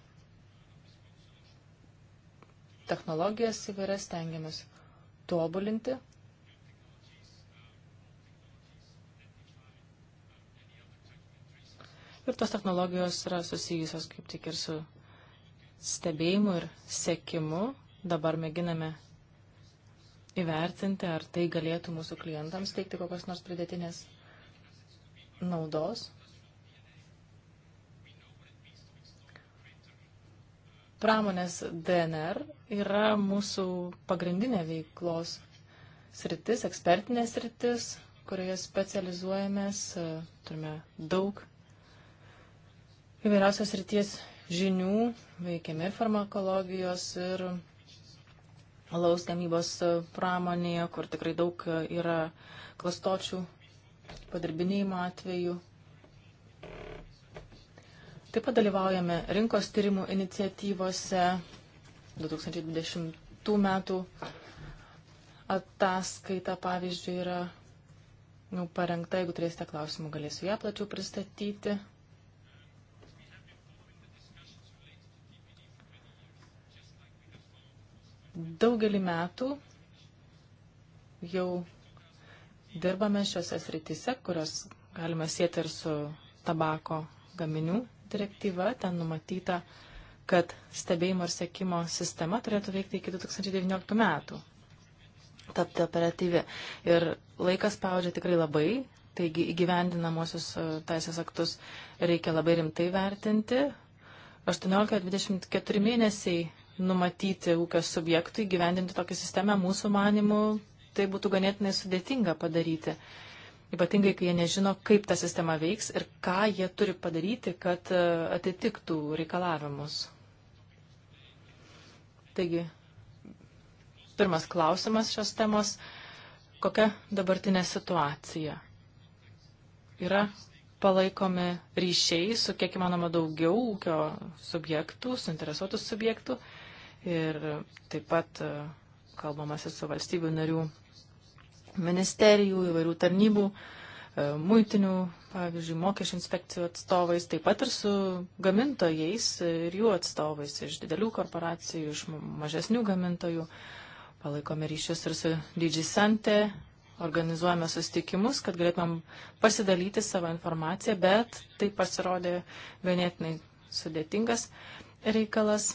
technologijas įvairias stengiamės tobulinti. Ir tos technologijos yra susijusios kaip tik ir su stebėjimu ir sekimu. Dabar mėginame įvertinti, ar tai galėtų mūsų klientams teikti kokios nors pridėtinės naudos. pramonės DNR yra mūsų pagrindinė veiklos sritis, ekspertinė sritis, kurioje specializuojamės, e, turime daug įvairiausios srities žinių, veikiami farmakologijos ir alaus gamybos e, pramonėje, kur tikrai daug e, yra klastočių padirbinėjimo atvejų Taip pat dalyvaujame rinkos tyrimų iniciatyvose 2020 metų ataskaita, pavyzdžiui, yra nu, parengta, jeigu turėsite klausimų, galėsiu ją plačiau pristatyti. Daugelį metų jau dirbame šiuose srityse, kurios galima sėti ir su tabako gaminių direktyva, ten numatyta, kad stebėjimo ir sekimo sistema turėtų veikti iki 2019 metų, tapti operatyvi. Ir laikas spaudžia tikrai labai, taigi įgyvendinamosius e, teisės aktus reikia labai rimtai vertinti. 18-24 mėnesiai numatyti ūkio subjektui gyvendinti tokią sistemą, mūsų manimų, tai būtų ganėtinai sudėtinga padaryti ypatingai kai jie nežino, kaip ta sistema veiks ir ką jie turi padaryti, kad e, atitiktų reikalavimus. Taigi, pirmas klausimas šios temos - kokia dabartinė situacija? Yra palaikomi ryšiai su kiek įmanoma daugiau ūkio subjektų, suinteresuotų subjektų ir taip pat e, kalbamasi su valstybių narių ministerijų, įvairių tarnybų, e, muitinių, pavyzdžiui, mokesčių inspekcijų atstovais, taip pat ir su gamintojais ir jų atstovais iš didelių korporacijų, iš mažesnių gamintojų. Palaikome ryšius ir su Digisante, organizuojame susitikimus, kad galėtumėm pasidalyti savo informaciją, bet tai pasirodė ganėtinai sudėtingas reikalas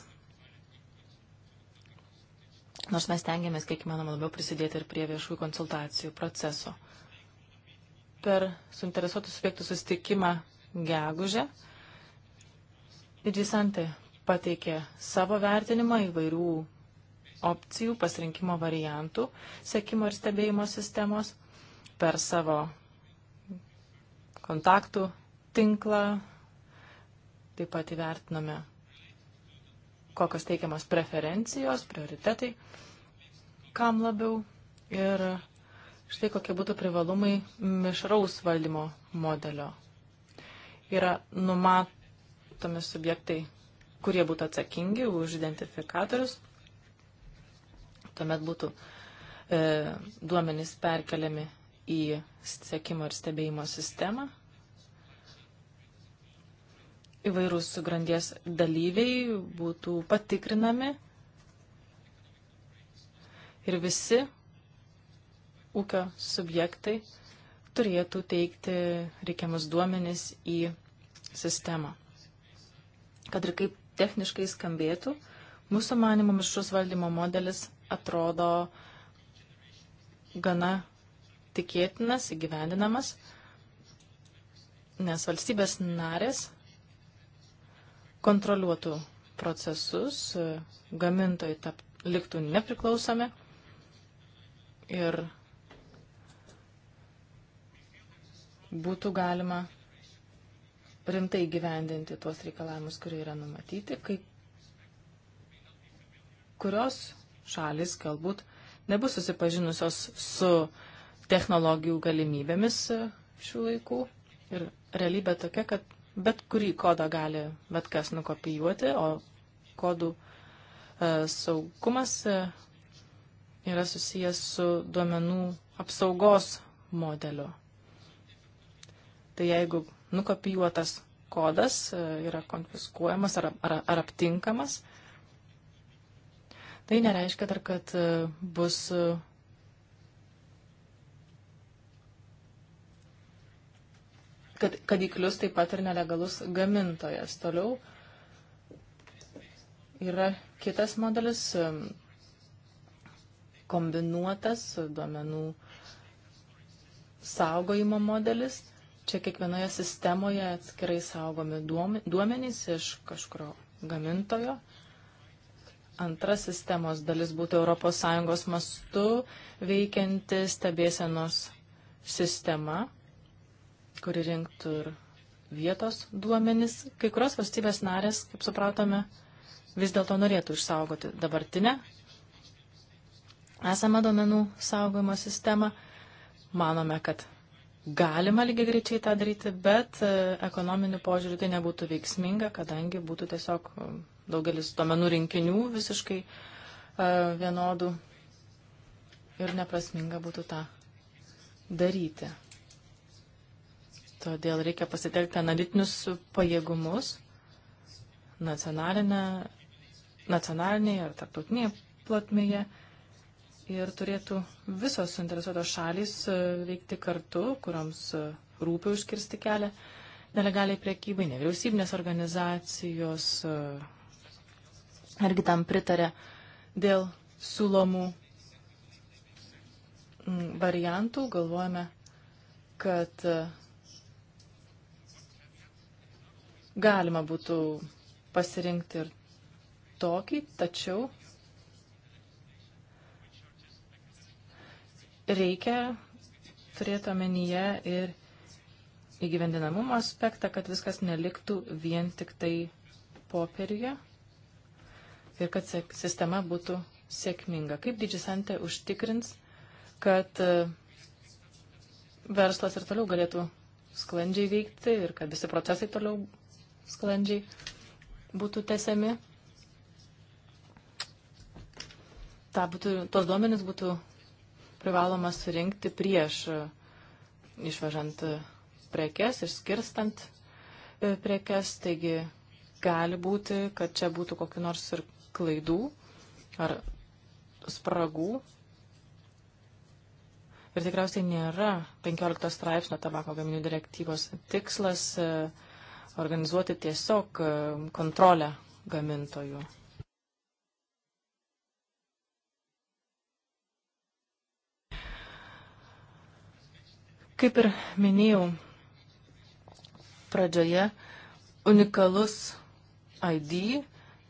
nors mes tengiamės kiek įmanoma labiau prisidėti ir prie viešųjų konsultacijų proceso. Per suinteresuotų subjektų susitikimą gegužę Didžisantė pateikė savo vertinimą įvairių opcijų, pasirinkimo variantų, sekimo ir stebėjimo sistemos per savo kontaktų tinklą. Taip pat įvertinome kokios teikiamas preferencijos, prioritetai, kam labiau ir štai kokie būtų privalumai mišraus valdymo modelio. Yra numatomi subjektai, kurie būtų atsakingi už identifikatorius. Tuomet būtų e, duomenys perkeliami į sekimo ir stebėjimo sistemą įvairūs grandies dalyviai būtų patikrinami ir visi ūkio subjektai turėtų teikti reikiamus duomenis į sistemą. Kad ir kaip techniškai skambėtų, mūsų manimo mišrus valdymo modelis atrodo gana tikėtinas, įgyvendinamas, nes valstybės narės kontroliuotų procesus, gamintojai tap, liktų nepriklausomi ir būtų galima rimtai gyvendinti tuos reikalavimus, kurie yra numatyti, kai kurios šalis galbūt nebus susipažinusios su technologijų galimybėmis šių laikų. Ir realybė tokia, kad bet kurį kodą gali bet kas nukopijuoti, o kodų e, saugumas e, yra susijęs su duomenų apsaugos modeliu. Tai jeigu nukopijuotas kodas e, yra konfiskuojamas ar, ar, ar aptinkamas, tai nereiškia dar, kad e, bus kad, kad įklius taip pat ir nelegalus gamintojas. Toliau yra kitas modelis um, kombinuotas duomenų saugojimo modelis. Čia kiekvienoje sistemoje atskirai saugomi duomenys iš kažkurio gamintojo. Antra sistemos dalis būtų ES mastu veikianti stebėsenos sistema, kuri rinktų ir vietos duomenis. Kai kurios valstybės narės, kaip supratome, vis dėlto norėtų išsaugoti dabartinę esamą duomenų saugojimo sistemą. Manome, kad galima lygiai greičiai tą daryti, bet e, ekonominiu požiūriu tai nebūtų veiksminga, kadangi būtų tiesiog e, daugelis duomenų rinkinių visiškai e, vienodų ir neprasminga būtų tą daryti. Todėl reikia pasitelkti analitinius pajėgumus nacionalinėje ar tarptautinėje plotmėje. Ir turėtų visos suinteresuotos šalys e, veikti kartu, kuriams e, rūpi užkirsti kelią nelegaliai priekybai, nevyriausybinės organizacijos e, argi tam pritarė dėl siūlomų variantų. Galvojame, kad Galima būtų pasirinkti ir tokį, tačiau reikia turėti omenyje ir įgyvendinamumo aspektą, kad viskas neliktų vien tik tai popieriuje ir kad sistema būtų sėkminga. Kaip didžisantė užtikrins, kad e, verslas ir toliau galėtų sklandžiai veikti ir kad visi procesai toliau sklandžiai būtų tesiami. Ta būtų, tos duomenys būtų privaloma surinkti prieš e, išvažant e, prekes ir skirstant e, prekes, taigi gali būti, kad čia būtų kokiu nors ir klaidų ar spragų. Ir tikriausiai nėra 15 straipsnio tabako gaminių direktyvos tikslas uh, organizuoti tiesiog e, kontrolę gamintojų. Kaip ir minėjau pradžioje, unikalus ID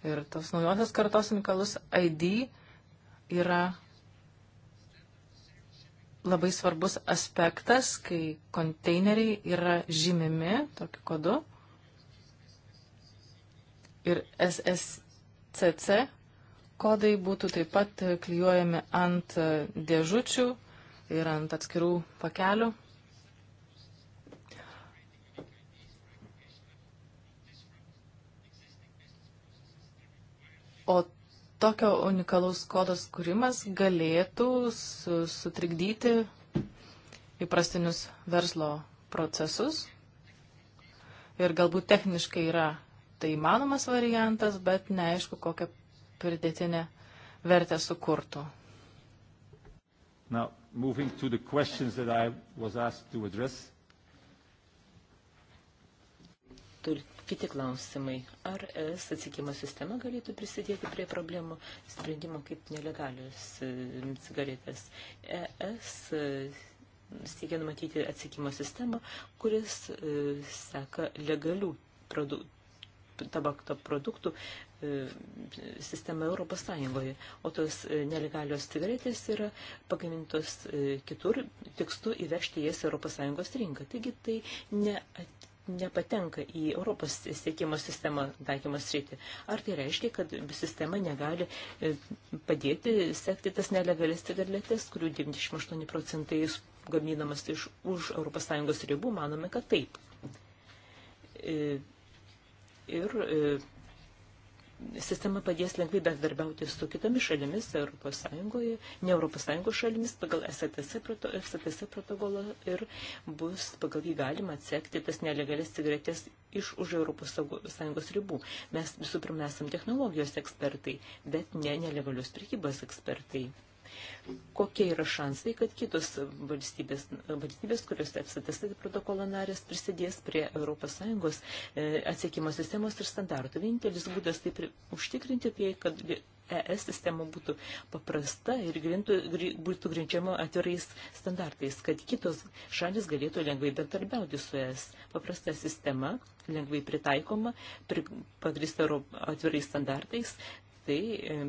ir tos naujosios kartos unikalus ID yra labai svarbus aspektas, kai konteineriai yra žymimi tokiu kodu ir SSCC kodai būtų taip pat klyjuojami ant dėžučių ir ant atskirų pakelių. O tokio unikalaus kodos kūrimas galėtų su, sutrikdyti įprastinius verslo procesus ir galbūt techniškai yra tai įmanomas variantas, bet neaišku, kokią pridėtinę vertę sukurtų. Now, moving to the questions that I was asked to address. Tur kiti klausimai. Ar ES atsikimo sistema galėtų prisidėti prie problemų sprendimo kaip nelegalios e, cigaretės? E ES e, siekia numatyti atsikimo sistemą, kuris seka legalių produ tabakto produktų e, sistema Europos Sąjungoje, o tos e, nelegalios cigaretės yra pagamintos e, kitur tikslu įvežti jas Europos Sąjungos rinką. Taigi tai ne, nepatenka į Europos siekimo sistemą taikymo sritį. Ar tai reiškia, kad sistema negali padėti sekti tas nelegalias cigaretės, kurių 98 procentai gaminamas iš už Europos Sąjungos ribų? Manome, kad taip ir e, sistema padės lengvai bendarbiauti su kitomis šalimis Europos Sąjungoje, ne Europos Sąjungos šalimis pagal STC, proto, STC protokolą ir bus pagal jį galima atsekti tas nelegalias cigaretės iš už Europos Sąjungos ribų. Mes visų pirma esam technologijos ekspertai, bet ne nelegalios prekybos ekspertai. Kokie yra šansai, kad kitos valstybės, valstybės kurios FCTS protokolo narės, prisidės prie ES e, atsiekimo sistemos ir standartų? Vienintelis būdas tai užtikrinti, tai kad ES sistema būtų paprasta ir grintų, gri, būtų grindžiama atvirais standartais, kad kitos šalis galėtų lengvai bendarbiauti su ES. Paprasta sistema, lengvai pritaikoma, pri, pagrįsta atvirais standartais, tai e,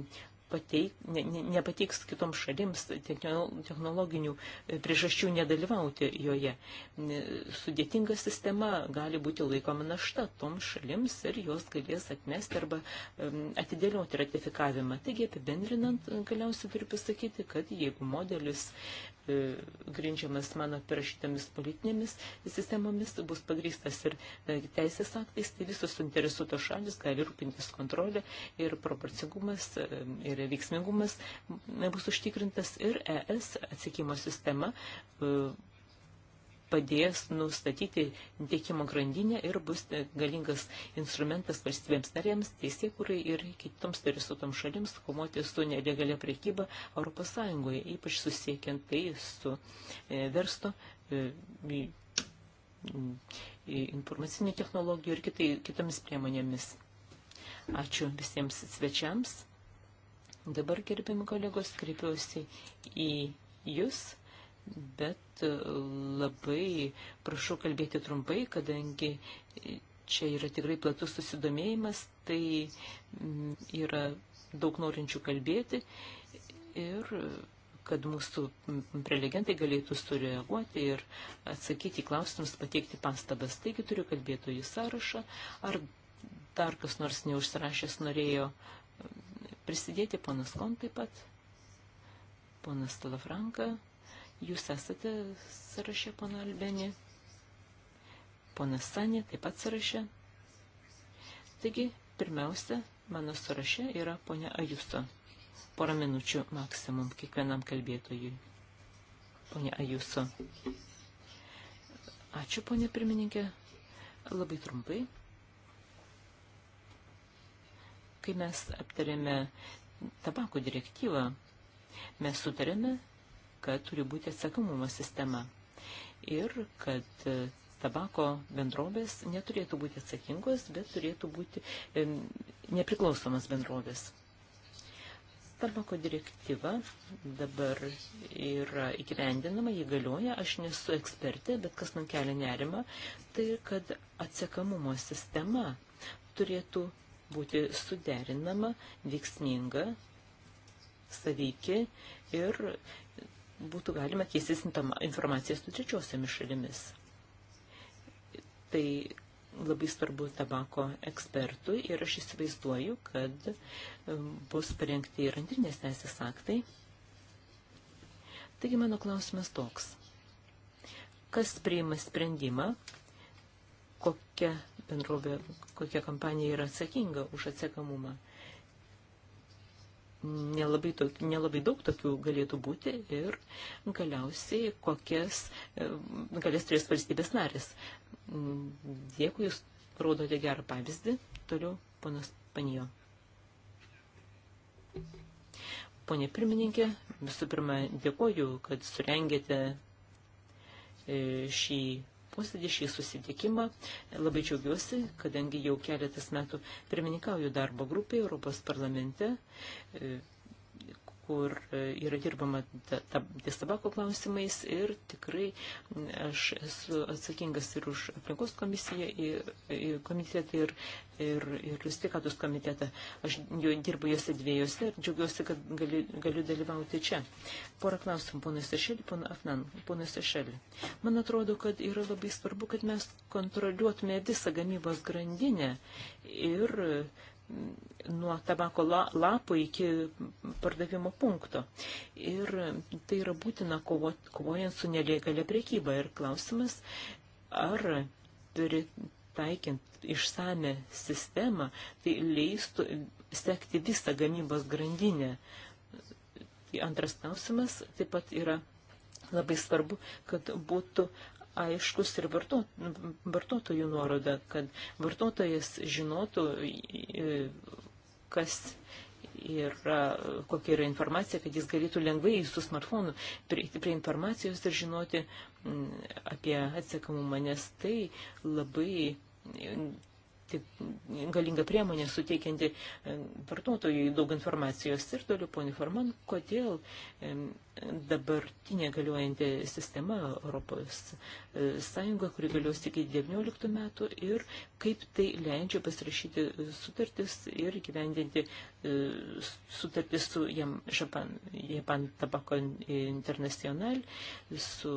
pateik, ne, ne, nepateiks kitoms šalims technologinių e, priežasčių nedalyvauti joje. Sudėtinga sistema gali būti laikoma našta toms šalims ir jos galės atmesti arba atidėlioti ratifikavimą. Taigi apibendrinant, galiausiai turiu pasakyti, kad jeigu modelis e, grindžiamas mano parašytomis politinėmis sistemomis, bus pagrįstas ir e, teisės aktais, tai visos suinteresuotos šalis gali rūpintis kontrolę ir proporcingumas ir ir veiksmingumas bus užtikrintas ir ES atsiekimo sistema e, padės nustatyti tiekimo grandinę ir bus galingas instrumentas valstybėms narėms, teisėkurai ir kitoms terisuotoms šalims komuoti su nelegalia priekyba Europos Sąjungoje, ypač susiekiant tai su e, versto e, informacinių technologijų ir kitai, kitomis priemonėmis. Ačiū visiems svečiams. Dabar, gerbiami kolegos, kreipiausi į jūs, bet e, labai prašau kalbėti trumpai, kadangi čia yra tikrai platus susidomėjimas, tai yra daug norinčių kalbėti ir kad mūsų prelegentai galėtų sureaguoti ir atsakyti klausimus, pateikti pastabas. Taigi turiu kalbėtojų sąrašą, ar dar kas nors neužsirašęs norėjo prisidėti, ponas Kon taip pat, ponas Talafranka, jūs esate sąraše, pana Albeni, ponas Sanė taip pat sąraše. Taigi, pirmiausia, mano sąraše yra ponia Ajusto. Porą minučių maksimum kiekvienam kalbėtojui. Ponia Ajuso. Ačiū, ponia pirmininkė. Labai trumpai. Kai mes aptarėme tabako direktyvą, mes sutarėme, kad turi būti atsakomumo sistema ir kad e, tabako bendrovės neturėtų būti atsakingos, bet turėtų būti nepriklausomas bendrovės. Tabako direktyva dabar yra įgyvendinama, jį galioja, aš nesu ekspertė, bet kas man kelia nerima, tai kad atsekamumo sistema turėtų būti suderinama, veiksminga, saveiki ir būtų galima keistis informaciją su trečiosiomis šalimis. Tai labai svarbu tabako ekspertui ir aš įsivaizduoju, kad um, bus parengti ir antrinės teisės aktai. Taigi mano klausimas toks. Kas priima sprendimą, kokia bendrovė, kokia kompanija yra atsakinga už atsekamumą. Nelabai, tok, nelabai daug tokių galėtų būti ir galiausiai kokias e, galės turės valstybės narės. Dėkui, jūs rodote gerą pavyzdį. Toliau ponas Panijo. Pone pirmininkė, visų pirma, dėkoju, kad surengėte e, šį posėdį, šį susitikimą. Labai džiaugiuosi, kadangi jau keletas metų pirmininkauju darbo grupėje Europos parlamente. E, kur e, yra dirbama ties tabako klausimais ir tikrai aš esu atsakingas ir už aplinkos komisiją, ir, ir komitetą ir, ir, ir sveikatos komitetą. Aš jau dirbu juose dviejose ir džiaugiuosi, kad galiu, galiu dalyvauti čia. Porą klausimų, ponas Ešelį, ponas Afnan, ponas Ešelį. Man atrodo, kad yra labai svarbu, kad mes kontroliuotume visą gamybos grandinę ir nuo tabako lapų iki pardavimo punkto. Ir tai yra būtina kovo, kovojant su nelegalia priekyba. Ir klausimas, ar turi taikint išsame sistemą, tai leistų sekti visą gamybos grandinę. Antras klausimas taip pat yra labai svarbu, kad būtų aiškus ir varto, vartotojų nuoroda, kad vartotojas žinotų, kas yra, kokia yra informacija, kad jis galėtų lengvai su smartfonu prieiti prie informacijos ir žinoti apie atsekamumą, nes tai labai tik galinga priemonė suteikianti e, vartotojui daug informacijos. Ir toliau, ponė Forman, kodėl e, dabartinė galiuojanti sistema Europos e, Sąjunga, kuri galios tik 19 metų ir kaip tai leidžia pasirašyti sutartis ir gyvendinti sutartis su Japan, Japan Tabako International, su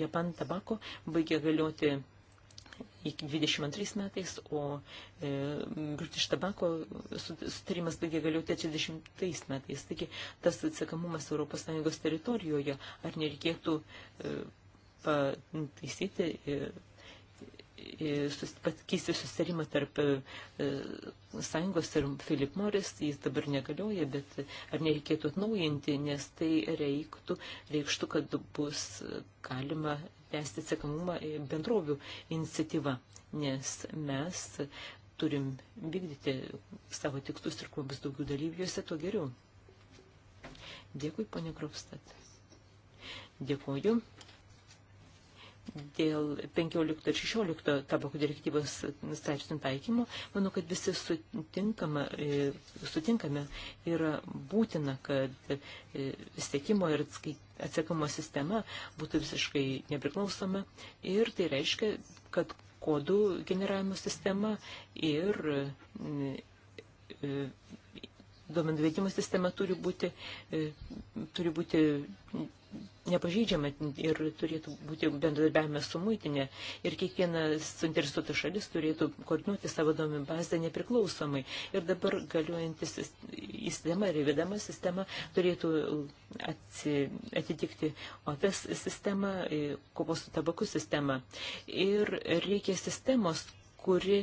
Japan Tabako, baigė galioti iki 22 metais, o e, British Tobacco sutarimas baigė galioti 30 metais. Taigi tas atsakamumas ES teritorijoje, ar nereikėtų e, pataisyti. E, keisti susitarimą tarp e, e, sąjungos ir Philip Morris, jis dabar negalioja, bet ar nereikėtų atnaujinti, nes tai reiktų, reikštų, kad bus galima tęsti atsakomumą bendrovių iniciatyvą, nes mes turim vykdyti savo tikslus ir kuo bus daugiau dalyviuose, tuo geriau. Dėkui, ponė Kropstat. Dėkuoju dėl 15 ir 16 tabako direktyvos straipsnių taikymo, manau, kad visi sutinkama, e, sutinkame yra būtina, kad e, sėkimo ir atsiekimo sistema būtų visiškai nepriklausoma ir tai reiškia, kad kodų generavimo sistema ir e, duomenų veikimo sistema turi būti, turi būti nepažeidžiama ir turėtų būti bendradarbiavimas su muitinė ir kiekvienas suinteresuotas šalis turėtų koordinuoti savo duomenų bazę nepriklausomai. Ir dabar galiuojantis sistema ir įvedama sistema turėtų atitikti OTS sistemą, e, kovos su tabaku sistemą. Ir reikia sistemos, kuri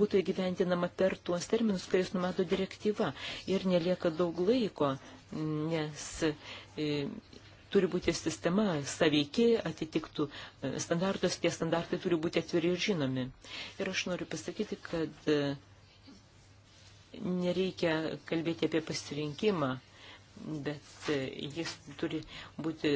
būtų įgyvendinama per tuos terminus, kai jūs numato direktyva ir nelieka daug laiko, nes e, turi būti sistema saveikiai, atitiktų e, standartus, tie standartai turi būti atviri ir žinomi. Ir aš noriu pasakyti, kad e, nereikia kalbėti apie pasirinkimą, bet e, jis turi būti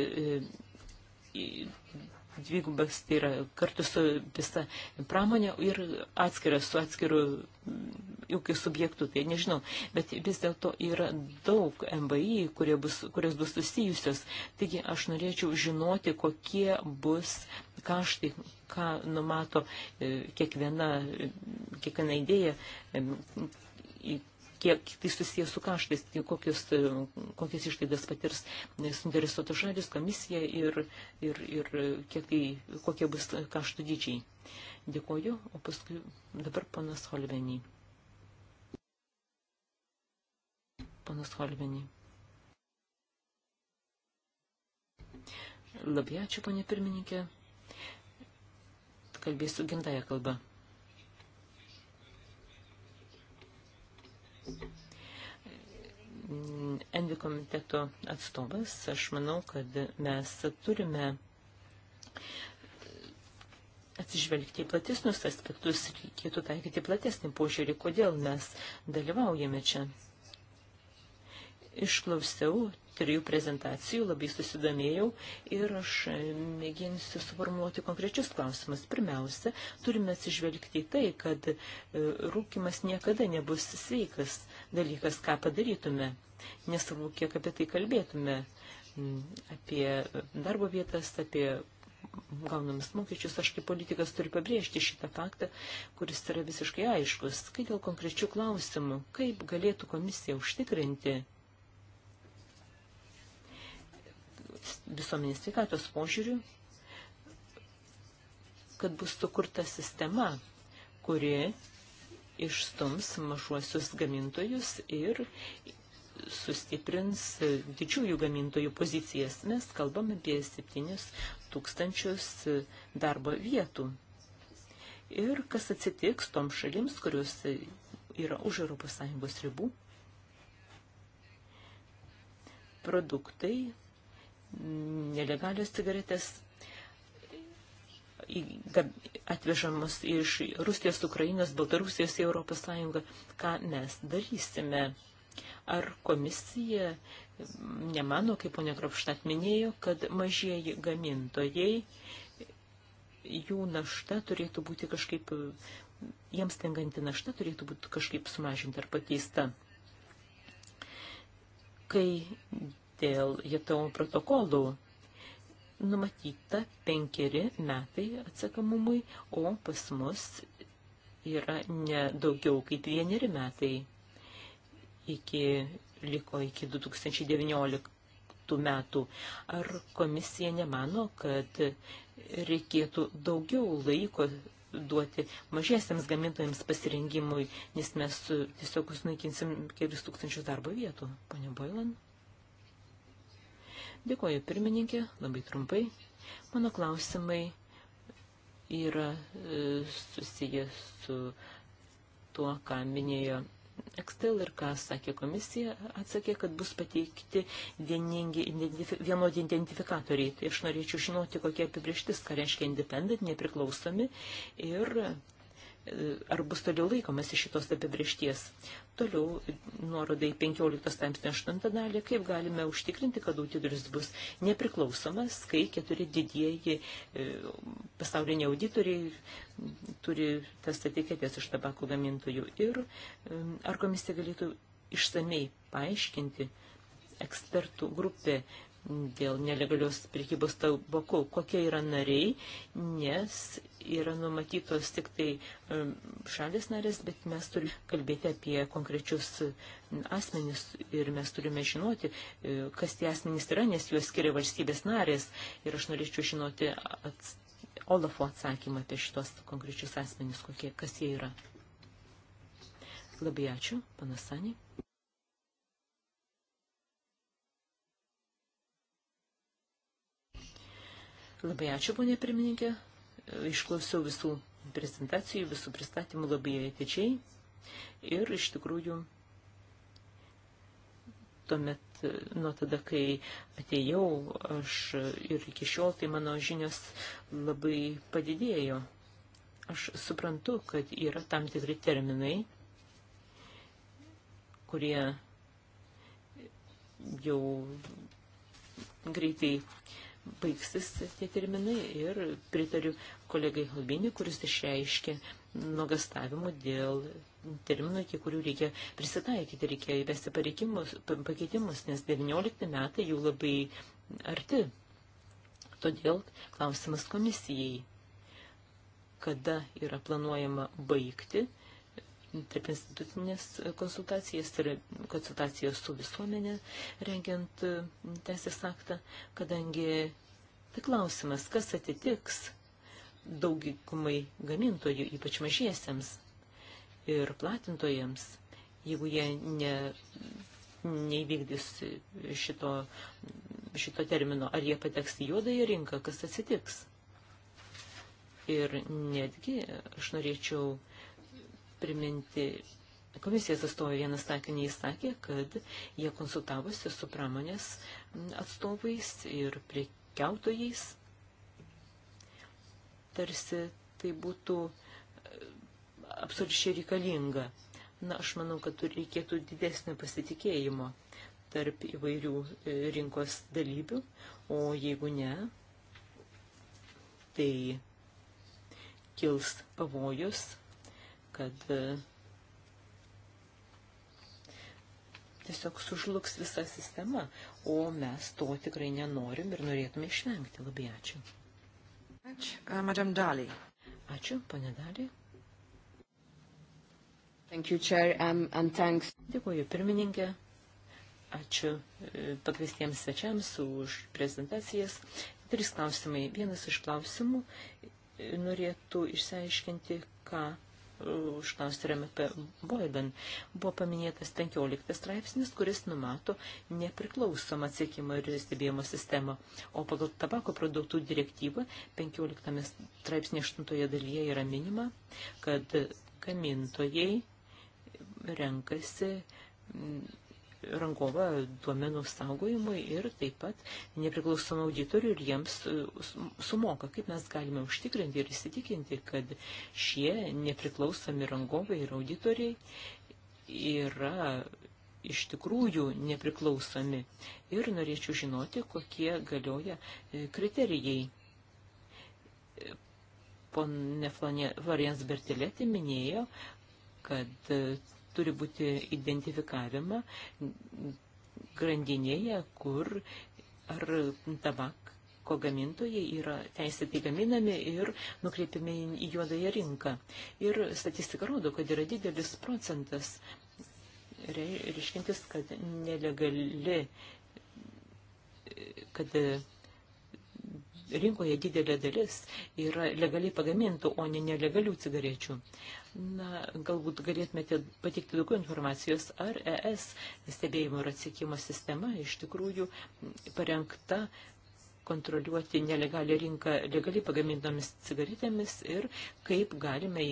dvigubas, tai yra kartu su visa pramonė ir atskiras su atskiru mm, ūkio subjektu, tai nežinau, bet vis dėlto yra daug MBI, bus, kurios bus susijusios, taigi aš norėčiau žinoti, kokie bus kaštai, ką numato e, kiekviena, kiekviena idėja kiek tai susijęs su kaštais, tai kokius, e, kokias išlaidas patirs suinteresuotos šalis, komisija ir, ir, ir kiek tai, kokie bus kaštų dydžiai. Dėkoju, o paskui dabar panas Holvenį. Panas Holvenį. Labai ačiū, ponė pirmininkė. Kalbėsiu gimtają kalbą. Envi komiteto atstovas, aš manau, kad mes turime atsižvelgti į platesnius aspektus, reikėtų taikyti platesnį požiūrį, kodėl mes dalyvaujame čia. Išklausiau trijų prezentacijų, labai susidomėjau ir aš mėginsiu suformuoti konkrečius klausimus. Pirmiausia, turime atsižvelgti į tai, kad e, rūkimas niekada nebus sveikas dalykas, ką padarytume, nesvarbu, kiek apie tai kalbėtume, mm, apie darbo vietas, apie gaunamas mokesčius, aš kaip politikas turiu pabrėžti šitą faktą, kuris yra visiškai aiškus. Kai dėl konkrečių klausimų, kaip galėtų komisija užtikrinti, visuomenės sveikatos požiūrių, kad bus sukurta sistema, kuri išstums mažuosius gamintojus ir sustiprins didžiųjų gamintojų pozicijas. Mes kalbam apie 7 tūkstančius darbo vietų. Ir kas atsitiks tom šalims, kurios yra už ES ribų? Produktai nelegalios cigaretės atvežamos iš Rusijos, Ukrainos, Baltarusijos į Europos Sąjungą. Ką mes darysime? Ar komisija nemano, kaip ponia Kropštat minėjo, kad mažieji gamintojai, jų našta turėtų būti kažkaip, jiems tenganti našta turėtų būti kažkaip sumažinta ar pakeista. Kai dėl JTO protokolų numatyta penkeri metai atsakamumui, o pas mus yra ne daugiau kaip vieneri metai. Iki, liko iki 2019 metų. Ar komisija nemano, kad reikėtų daugiau laiko duoti mažiesiams gamintojams pasirengimui, nes mes tiesiog sunaikinsim kelius tūkstančius darbo vietų, ponia Boilan? Dėkuoju pirmininkė, labai trumpai. Mano klausimai yra e, susijęs su tuo, ką minėjo Excel ir ką sakė komisija, atsakė, kad bus pateikti vieningi, identifi, vienodi identifikatoriai. Tai aš norėčiau žinoti, kokie apibrieštis, ką reiškia independent, nepriklausomi ir ar bus toliau laikomasi šitos apibriešties. Toliau nuorodai 15 straipsnio 8 dalį, kaip galime užtikrinti, kad auditorius bus nepriklausomas, kai keturi didieji e, pasauliniai auditoriai turi tas etiketės iš tabako gamintojų. Ir e, ar komisija galėtų išsamei paaiškinti ekspertų grupė dėl nelegalios prekybos tabaku, kokie yra nariai, nes yra numatytos tik tai šalis narės, bet mes turime kalbėti apie konkrečius asmenys ir mes turime žinoti, e, kas tie asmenys yra, nes juos skiria valstybės narės ir aš norėčiau žinoti ats Olafo atsakymą apie šitos konkrečius asmenys, kokie, kas jie yra. Labai ačiū, panasanė. Labai ačiū, ponė pirmininkė. Išklausiau visų prezentacijų, visų pristatymų labai atidžiai. Ir iš tikrųjų, tuomet, nuo tada, kai atėjau, aš ir iki šiol, tai mano žinios labai padidėjo. Aš suprantu, kad yra tam tikri terminai, kurie jau greitai uh, baigsis tie terminai ir pritariu kolegai Halbini, kuris išreiškė nuogastavimų dėl terminų, iki kurių reikia prisitaikyti, reikia įvesti pakeitimus, nes 19 metai jau labai arti. Todėl klausimas komisijai, kada yra planuojama baigti tarp institucinės konsultacijas ir tai konsultacijas su visuomenė, rengiant teisės aktą, kadangi tai klausimas, kas atitiks daugumai gamintojų, ypač mažiesiems ir platintojams, jeigu jie ne, neįvykdys šito, šito termino, ar jie pateks į juodąją rinką, kas atsitiks. Ir netgi aš norėčiau priminti Komisijos atstovai vienas sakinį įsakė, kad jie konsultavosi su pramonės atstovais ir priekiautojais. Tarsi tai būtų e, absoliučiai reikalinga. Na, aš manau, kad reikėtų didesnio pasitikėjimo tarp įvairių e, rinkos dalyvių, o jeigu ne, tai kils pavojus kad e, tiesiog sužlugs visa sistema, o mes to tikrai nenorim ir norėtume išvengti. Labai ačiū. Ačiū, e, madam Dali. Ačiū, pane Dali. Thank you, Chair, um, and thanks. Dėkuoju, pirmininkė. Ačiū e, pakviestiems svečiams už prezentacijas. Tris klausimai. Vienas iš klausimų norėtų išsiaiškinti, ką užklausėme apie Boyden, buvo paminėtas 15 straipsnis, kuris numato nepriklausomą atsiekimo ir stebėjimo sistemą. O pagal tabako produktų direktyvą 15 straipsnė 8 dalyje yra minima, kad gamintojai renkasi rangovą duomenų saugojimui ir taip pat nepriklausomų auditorių ir jiems e, sumoka. Kaip mes galime užtikrinti ir įsitikinti, kad šie nepriklausomi rangovai ir auditoriai yra iš tikrųjų nepriklausomi. Ir norėčiau žinoti, kokie galioja e, kriterijai. Pone Florians Bertiletė minėjo, kad e, turi būti identifikavimą grandinėje, kur ar tabako gamintojai yra teisėtai gaminami ir nukreipiami į juodąją rinką. Ir statistika rodo, kad yra didelis procentas, reiškintis, kad nelegali, kad rinkoje didelė dalis yra legaliai pagamintų, o ne nelegalių cigarečių. Na, galbūt galėtumėte patikti daugiau informacijos, ar ES stebėjimo ir atsiekimo sistema iš tikrųjų parengta kontroliuoti nelegalią rinką legaliai pagamintomis cigaretėmis ir kaip galime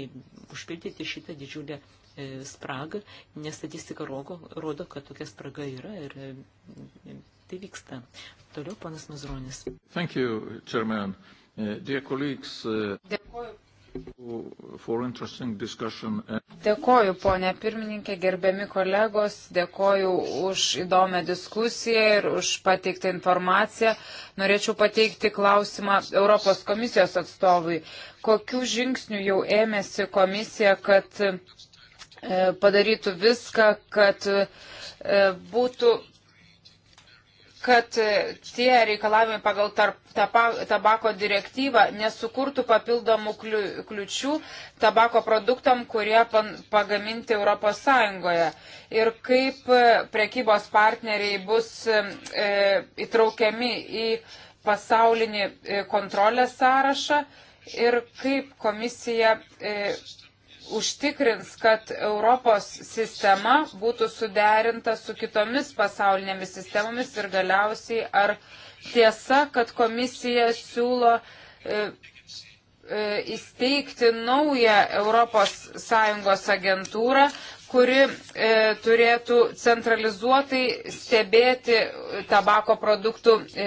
užpildyti šitą didžiulę e, spragą, nes statistika rogo, rodo, kad tokia spraga yra ir e, tai vyksta. Toliau panas Mazronis. Thank you, Chairman. E, dear colleagues. Dėkoju, ponė pirmininkė, gerbiami kolegos, dėkoju už įdomią diskusiją ir už pateiktą informaciją. Norėčiau pateikti klausimą Europos komisijos atstovui. Kokių žingsnių jau ėmėsi komisija, kad e, padarytų viską, kad e, būtų kad e, tie reikalavimai pagal tarp, tapa, tabako direktyvą nesukurtų papildomų kliu, kliučių tabako produktam, kurie pan, pagaminti ES. Ir kaip e, prekybos partneriai bus e, e įtraukiami į pasaulinį kontrolės sąrašą ir kaip komisija e, užtikrins, kad Europos sistema būtų suderinta su kitomis pasaulinėmis sistemomis ir galiausiai ar tiesa, kad komisija siūlo e, e, įsteigti naują ES agentūrą, kuri e, turėtų centralizuotai stebėti tabako produktų e,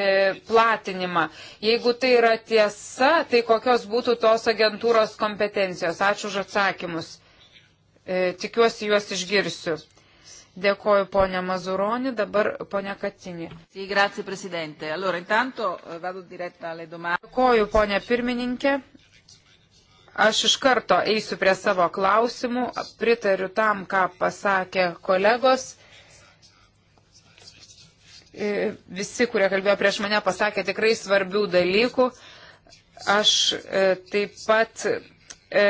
platinimą. Jeigu tai yra tiesa, tai kokios būtų tos agentūros kompetencijos? Ačiū už atsakymus. E, tikiuosi juos išgirsiu. Dėkoju ponė Mazuroni, dabar ponė Kacinė. Eh, Dėkoju ponė pirmininkė. Aš iš karto eisiu prie savo klausimų, pritariu tam, ką pasakė kolegos. E, visi, kurie kalbėjo prieš mane, pasakė tikrai svarbių dalykų. Aš e, taip pat e,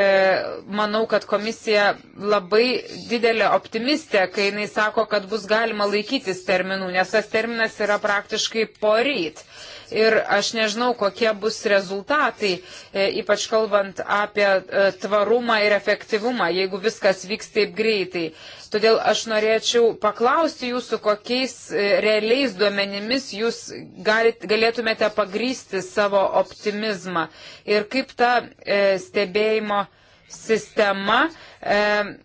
manau, kad komisija labai didelė optimistė, kai jinai sako, kad bus galima laikytis terminų, nes tas terminas yra praktiškai poryt. ryt ir aš nežinau, kokie bus rezultatai, e, ypač kalbant apie e, tvarumą ir efektyvumą, jeigu viskas vyks taip greitai. Todėl aš norėčiau paklausti jūsų, kokiais e, realiais duomenimis jūs galit, galėtumėte pagrysti savo optimizmą ir kaip ta e, stebėjimo sistema e,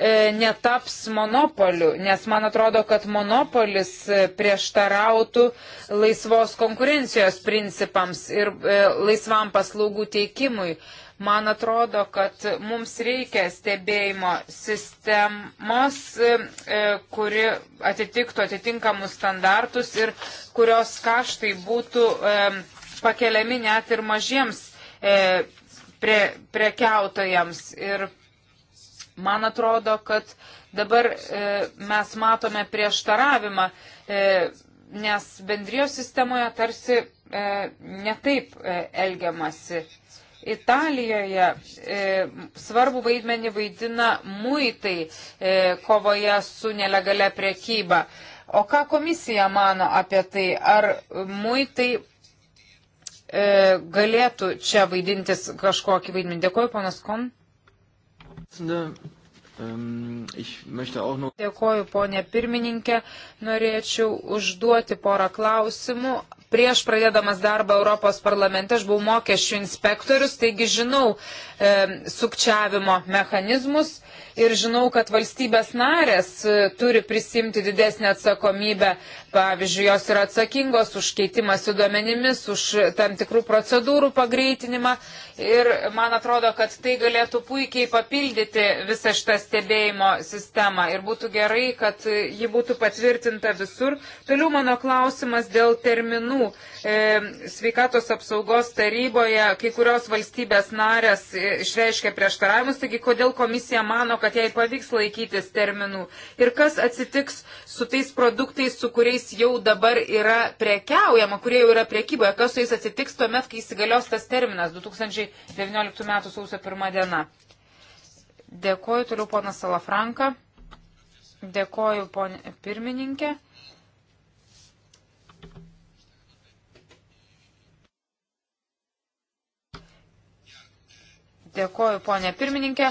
E, netaps monopoliu, nes man atrodo, kad monopolis e, prieštarautų laisvos konkurencijos principams ir e, laisvam paslaugų teikimui. Man atrodo, kad mums reikia stebėjimo sistemos, kuri atitiktų atitinkamus standartus ir kurios kaštai būtų pakeliami net ir mažiems prekiautojams. Ir Man atrodo, kad dabar e, mes matome prieštaravimą, e, nes bendrijos sistemoje tarsi e, netaip e, elgiamasi. Italijoje e, svarbu vaidmenį vaidina muitai e, kovoje su nelegale priekyba. O ką komisija mano apie tai? Ar muitai e, galėtų čia vaidintis kažkokį vaidmenį? Dėkuoju, panas Kon. Ähm, Dėkoju, ponė pirmininkė. Norėčiau užduoti porą klausimų. Prieš pradėdamas darbą Europos parlamente aš buvau mokesčių inspektorius, taigi žinau e, sukčiavimo mechanizmus. E, ir žinau, kad valstybės narės e, turi prisimti didesnį atsakomybę. Pavyzdžiui, jos yra atsakingos už keitimąsi duomenimis, už tam tikrų procedūrų pagreitinimą. Ir man atrodo, kad tai galėtų puikiai papildyti visą šitą stebėjimo sistemą. Ir būtų gerai, kad ji būtų patvirtinta visur. Toliau mano klausimas dėl terminų. E, sveikatos apsaugos taryboje kai kurios valstybės narės e, išreiškia prieštaravimus, taigi kodėl komisija mano, kad jai pavyks laikytis terminų ir kas atsitiks su tais produktais, su kuriais jau dabar yra prekiaujama, kurie jau yra prekyboje, kas su jais atsitiks tuomet, kai įsigalios tas terminas 2019 m. sausio 1 diena. Dėkoju, turiu poną Salafranką. Dėkoju, ponė pirmininkė. Dėkoju, ponė pirmininkė.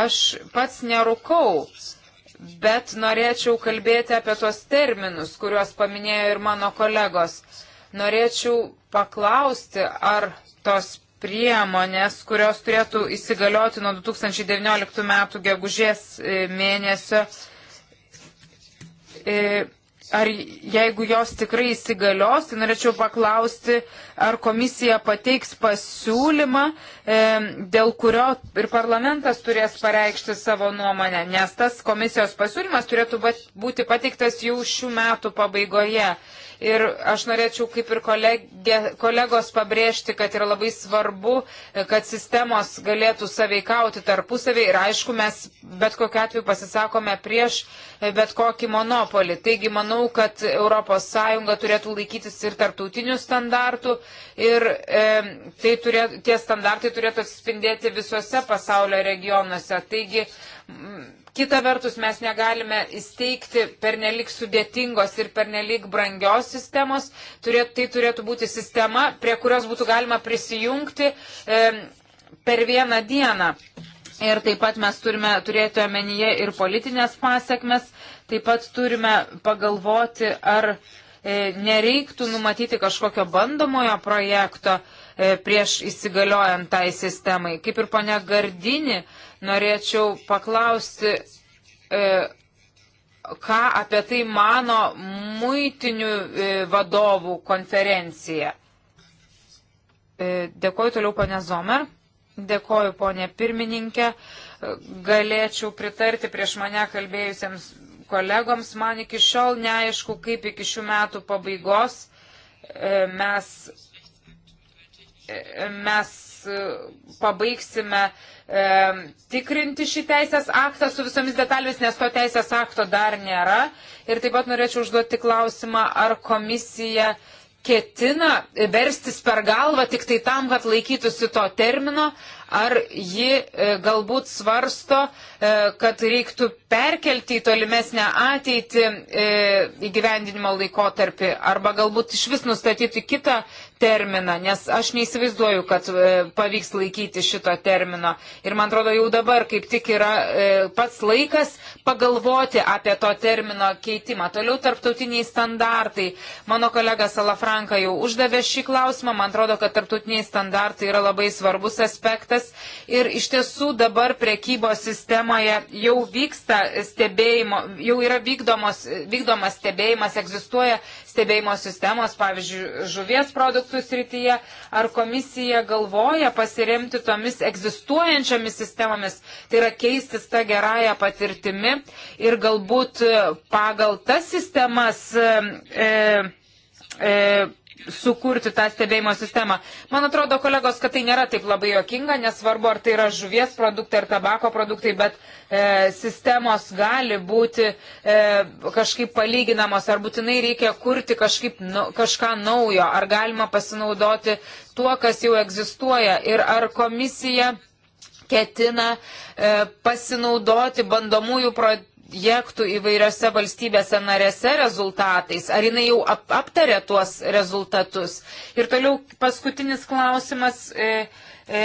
Aš pats nerūkau, bet norėčiau kalbėti apie tuos terminus, kuriuos paminėjo ir mano kolegos. Norėčiau paklausti, ar tos priemonės, kurios turėtų įsigalioti nuo 2019 metų gegužės e, mėnesio, e, ar jeigu jos tikrai įsigalios, tai norėčiau paklausti, ar komisija pateiks pasiūlymą, e, dėl kurio ir parlamentas turės pareikšti savo nuomonę, nes tas komisijos pasiūlymas turėtų būti pateiktas jau šių metų pabaigoje. Ir aš norėčiau, kaip ir kolegė, kolegos, pabrėžti, kad yra labai svarbu, e, kad sistemos galėtų saveikauti tarpusavį ir aišku, mes bet kokiu atveju pasisakome prieš e, bet kokį monopolį. Taigi, manau, manau, kad ES turėtų laikytis ir tarptautinių standartų ir e, tai turė, tie standartai turėtų atsispindėti visuose pasaulio regionuose. Taigi, m, kita vertus, mes negalime įsteigti pernelik sudėtingos ir pernelik brangios sistemos. Turėt, tai turėtų būti sistema, prie kurios būtų galima prisijungti e, per vieną dieną. Ir taip pat mes turime turėti omenyje ir politinės pasiekmes. Taip pat turime pagalvoti, ar e, nereiktų numatyti kažkokio bandomojo projekto e, prieš įsigaliojant tai sistemai. Kaip ir ponia Gardini, norėčiau paklausti, e, ką apie tai mano muitinių vadovų konferencija. Dėkoju toliau, ponė Zomer. Dėkoju, ponė pirmininkė. Galėčiau pritarti prieš mane kalbėjusiems kolegoms. Man iki šiol neaišku, kaip iki šių metų pabaigos e, mes, e, mes e, pabaigsime e, tikrinti šį teisės aktą su visomis detalėmis, nes to teisės akto dar nėra. Ir taip pat norėčiau užduoti klausimą, ar komisija ketina verstis per galvą tik tai tam, kad laikytųsi to termino, Ar ji e, galbūt svarsto, e, kad reiktų perkelti į tolimesnę ateitį e, įgyvendinimo laikotarpį, arba galbūt iš vis nustatyti kitą terminą, nes aš neįsivaizduoju, kad pavyks laikyti šito termino. Ir man atrodo, jau dabar kaip tik yra pats laikas pagalvoti apie to termino keitimą. Toliau tarptautiniai standartai. Mano kolega Salafranka jau uždavė šį klausimą. Man atrodo, kad tarptautiniai standartai yra labai svarbus aspektas aspektas ir iš tiesų dabar prekybos sistemoje jau vyksta stebėjimo, jau yra vykdomos, vykdomas stebėjimas, egzistuoja stebėjimo sistemos, pavyzdžiui, žuvies produktų srityje, ar komisija galvoja pasiremti tomis egzistuojančiamis sistemomis, tai yra keistis tą gerąją patirtimi ir galbūt pagal tas sistemas e, e, sukurti tą stebėjimo sistemą. Man atrodo, kolegos, kad tai nėra taip labai jokinga, nesvarbu, ar tai yra žuvies produktai ar tabako produktai, bet e, sistemos gali būti e, kažkaip palyginamos, ar būtinai reikia kurti kažkaip, nu, kažką naujo, ar galima pasinaudoti tuo, kas jau egzistuoja ir ar komisija ketina e, pasinaudoti bandomųjų projektų projektų įvairiose valstybėse narėse rezultatais? Ar jinai jau ap aptarė tuos rezultatus? Ir toliau paskutinis klausimas. E, e,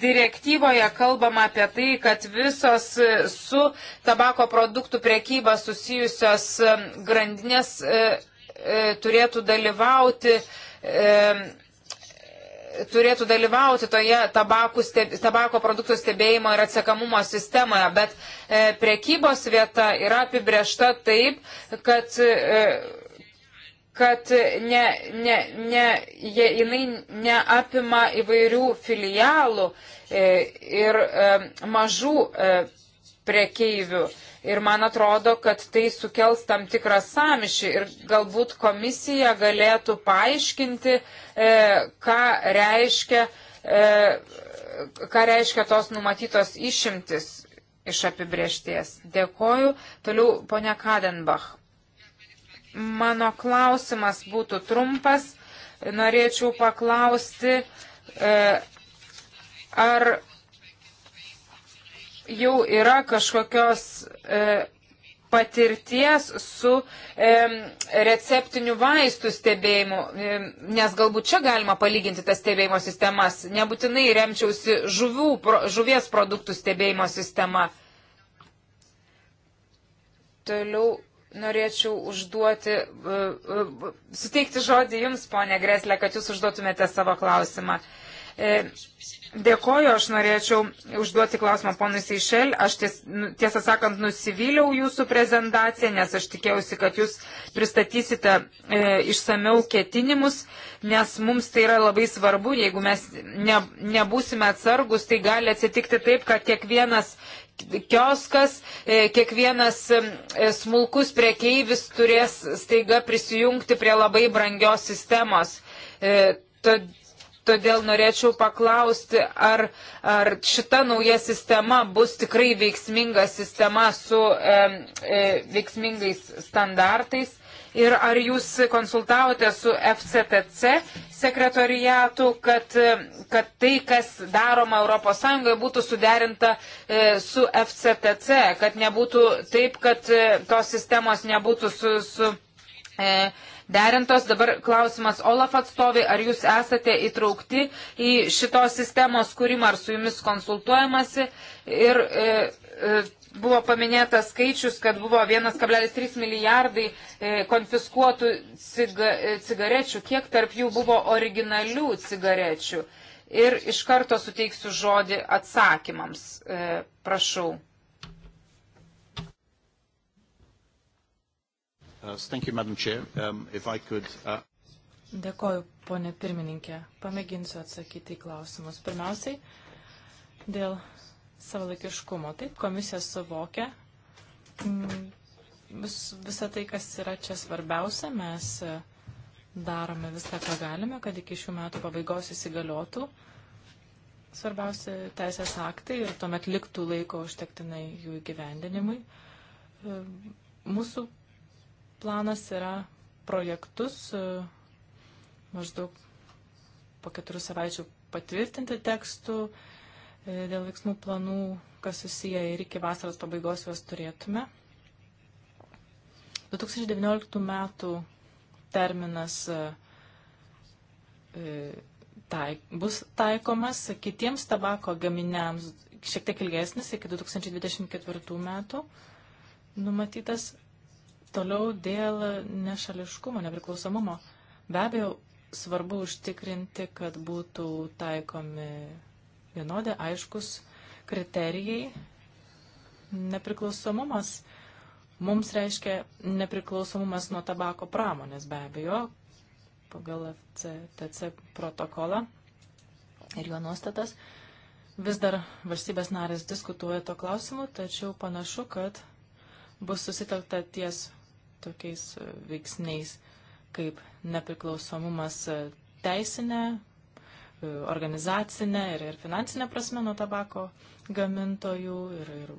direktyvoje kalbama apie tai, kad visos su tabako produktų priekyba susijusios e, grandinės e, e, turėtų dalyvauti e, turėtų dalyvauti toje steb, tabako produktų stebėjimo ir atsekamumo sistemoje, bet e, prekybos vieta yra apibriešta taip, kad, e, kad ne, ne, ne, je, jinai neapima įvairių filialų e, ir e, mažų e, prekeivių. Ir man atrodo, kad tai sukels tam tikrą samišį ir galbūt komisija galėtų paaiškinti, e, ką, reiškia, e, ką reiškia tos numatytos išimtis iš apibriešties. Dėkoju. Toliau ponia Kadenbach. Mano klausimas būtų trumpas. Norėčiau paklausti, e, ar jau yra kažkokios e, patirties su e, receptinių vaistų stebėjimu, e, nes galbūt čia galima palyginti tas stebėjimo sistemas. Nebūtinai remčiausi žuvių, pro, žuvies produktų stebėjimo sistema. Toliau norėčiau užduoti, e, e, suteikti žodį Jums, ponė Greslė, kad Jūs užduotumėte savo klausimą. E, E, dėkoju, aš norėčiau užduoti klausimą ponui Seišel. Aš ties, nu, tiesą sakant nusivyliau jūsų prezentaciją, nes aš tikėjausi, kad jūs pristatysite e, išsameu ketinimus, nes mums tai yra labai svarbu. Jeigu mes ne, nebūsime atsargus, tai gali atsitikti taip, kad kiekvienas kioskas, e, kiekvienas e, smulkus priekeivis turės staiga prisijungti prie labai brangios sistemos. Tad Todėl norėčiau paklausti, ar, ar šita nauja sistema bus tikrai veiksminga sistema su e, e, veiksmingais standartais. Ir ar jūs konsultavote su FCTC sekretoriatu, kad, kad tai, kas daroma ES, būtų suderinta e, su FCTC, kad nebūtų taip, kad e, tos sistemos nebūtų su. su e, derintos. Dabar klausimas Olaf atstovai, ar jūs esate įtraukti į šitos sistemos kūrimą, ar su jumis konsultuojamasi. Ir, e, e, Buvo paminėtas skaičius, kad buvo 1,3 milijardai e, konfiskuotų ciga, e, cigarečių, kiek tarp jų buvo originalių cigarečių. Ir iš karto suteiksiu žodį atsakymams. E, prašau. Uh, thank you, Madam Chair. Um, if I could. Uh... Dėkoju, ponė pirmininkė. Pamėginsiu atsakyti į klausimus. Pirmiausiai, dėl savalaikiškumo. Taip, komisija suvokia mm, vis, visą tai, kas yra čia svarbiausia. Mes e, darome viską, ką galime, kad iki šių metų pabaigos įsigaliotų svarbiausi teisės aktai ir tuomet liktų laiko užtektinai jų įgyvendinimui. E, mūsų planas yra projektus e, maždaug po keturių savaičių patvirtinti tekstų e, dėl veiksmų planų, kas susiję ir iki vasaros pabaigos juos turėtume. 2019 metų terminas e, taik, bus taikomas kitiems tabako gaminiams šiek tiek ilgesnis iki 2024 metų numatytas Toliau dėl nešališkumo, nepriklausomumo. Be abejo, svarbu užtikrinti, kad būtų taikomi vienodai aiškus kriterijai. Nepriklausomumas mums reiškia nepriklausomumas nuo tabako pramonės, be abejo, pagal FCTC protokolą ir jo nuostatas. Vis dar valstybės narės diskutuoja to klausimu, tačiau panašu, kad bus susitelkta ties tokiais e, veiksniais kaip nepriklausomumas e, teisinė, e, organizacinė ir, ir finansinė prasme nuo tabako gamintojų ir, ir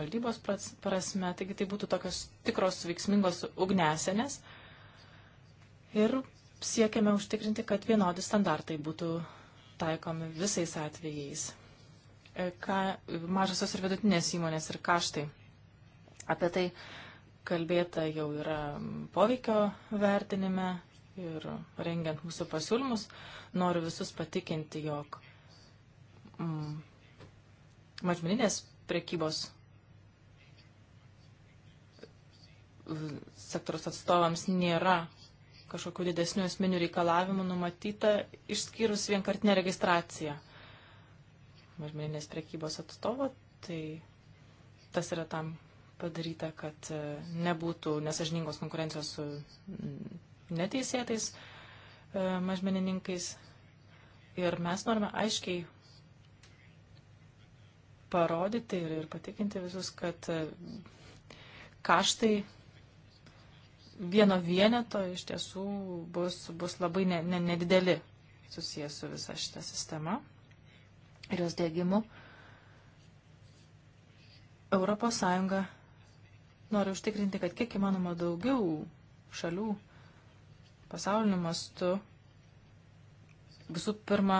valdybos prasme. Taigi tai būtų tokios tikros veiksmingos ugnesenės. Ir siekiame užtikrinti, kad vienodi standartai būtų taikomi visais atvejais. Ką mažosios ir vidutinės įmonės ir kaštai. Apie tai kalbėta jau yra poveikio vertinime ir rengiant mūsų pasiūlymus, noriu visus patikinti, jog mm, mažmeninės prekybos sektoriaus atstovams nėra kažkokių didesnių esminių reikalavimų numatyta, išskyrus vienkartinę registraciją mažmeninės prekybos atstovo, tai tas yra tam padaryta, kad e, nebūtų nesažiningos konkurencijos su mm, neteisėtais e, mažmenininkais. Ir mes norime aiškiai parodyti ir, ir patikinti visus, kad e, kaštai vieno vieneto iš tiesų bus, bus labai ne, ne, nedideli susijęs su visa šita sistema ir jos dėgymu. Europos Sąjunga Noriu užtikrinti, kad kiek įmanoma daugiau šalių pasauliniu mastu visų pirma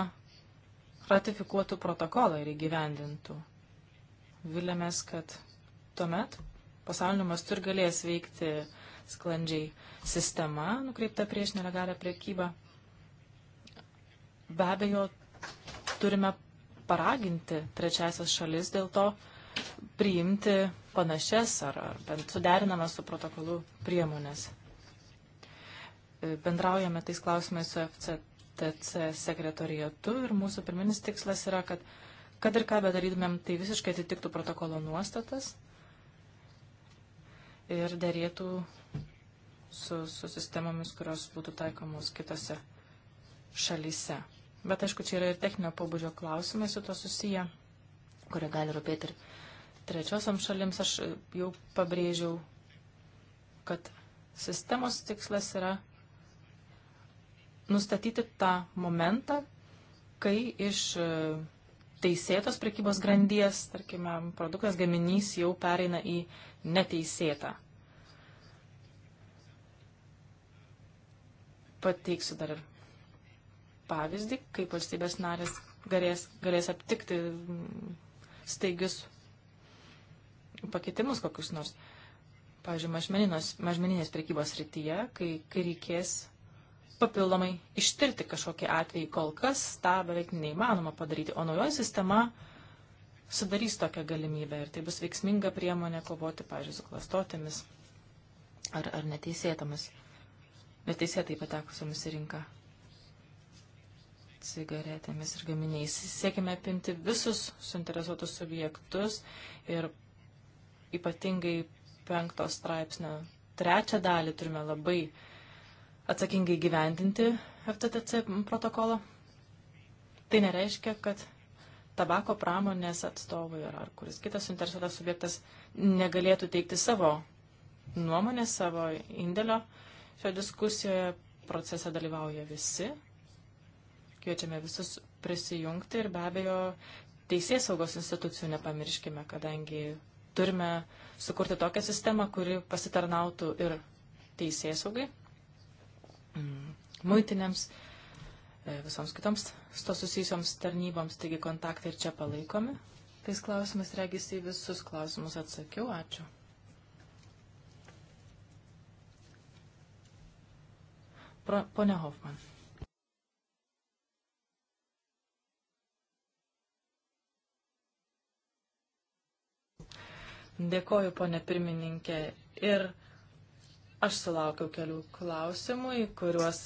ratifikuotų protokolą ir įgyvendintų. Vilėmės, kad tuomet pasauliniu mastu ir galės veikti sklandžiai sistema nukreipta prieš nelegalią priekybą. Be abejo, turime paraginti trečiasias šalis dėl to priimti panašias ar, ar bent suderinamas su protokolu priemonės. E, bendraujame tais klausimais su FCTC sekretorijatu ir mūsų pirminis tikslas yra, kad kad ir ką bedarytumėm, tai visiškai atitiktų protokolo nuostatas ir dėrėtų su, su sistemomis, kurios būtų taikomos kitose šalyse. Bet aišku, čia yra ir techninio pobūdžio klausimai su to susiję kurie gali rūpėti ir trečiosiam šalims. Aš jau pabrėžiau, kad sistemos tikslas yra nustatyti tą momentą, kai iš e, teisėtos prekybos grandies, tarkime, produktas gaminys jau pereina į neteisėtą. Pateiksiu dar ir pavyzdį, kaip valstybės narės galės, galės aptikti staigius pakeitimus kokius nors. Pavyzdžiui, mažmeninės prekybos rytyje, kai, kai reikės papildomai ištirti kažkokį atvejį, kol kas tą beveik neįmanoma padaryti, o naujoji sistema sudarys tokią galimybę ir tai bus veiksminga priemonė kovoti, pavyzdžiui, su klastotėmis ar, ar neteisėtomis, neteisėtai patekusiamis į rinką cigaretėmis ir gaminiais. Siekime apimti visus suinteresuotus subjektus ir ypatingai penktos straipsnio trečią dalį turime labai atsakingai gyvendinti FTTC protokolo. Tai nereiškia, kad tabako pramonės atstovai ar, ar kuris kitas suinteresuotas subjektas negalėtų teikti savo nuomonės, savo indėlio. Šioje diskusijoje procese dalyvauja visi Kviečiame visus prisijungti ir be abejo teisės saugos institucijų nepamirškime, kadangi turime sukurti tokią sistemą, kuri pasitarnautų ir teisės saugai, mm, muitinėms, e, visoms kitoms to susijusioms tarnyboms, taigi kontaktai ir čia palaikomi. Tais klausimas regis į visus klausimus atsakiau. Ačiū. Pro, ponia Hoffman. Dėkoju, ponė pirmininkė. Ir aš sulaukiau kelių klausimų, į kuriuos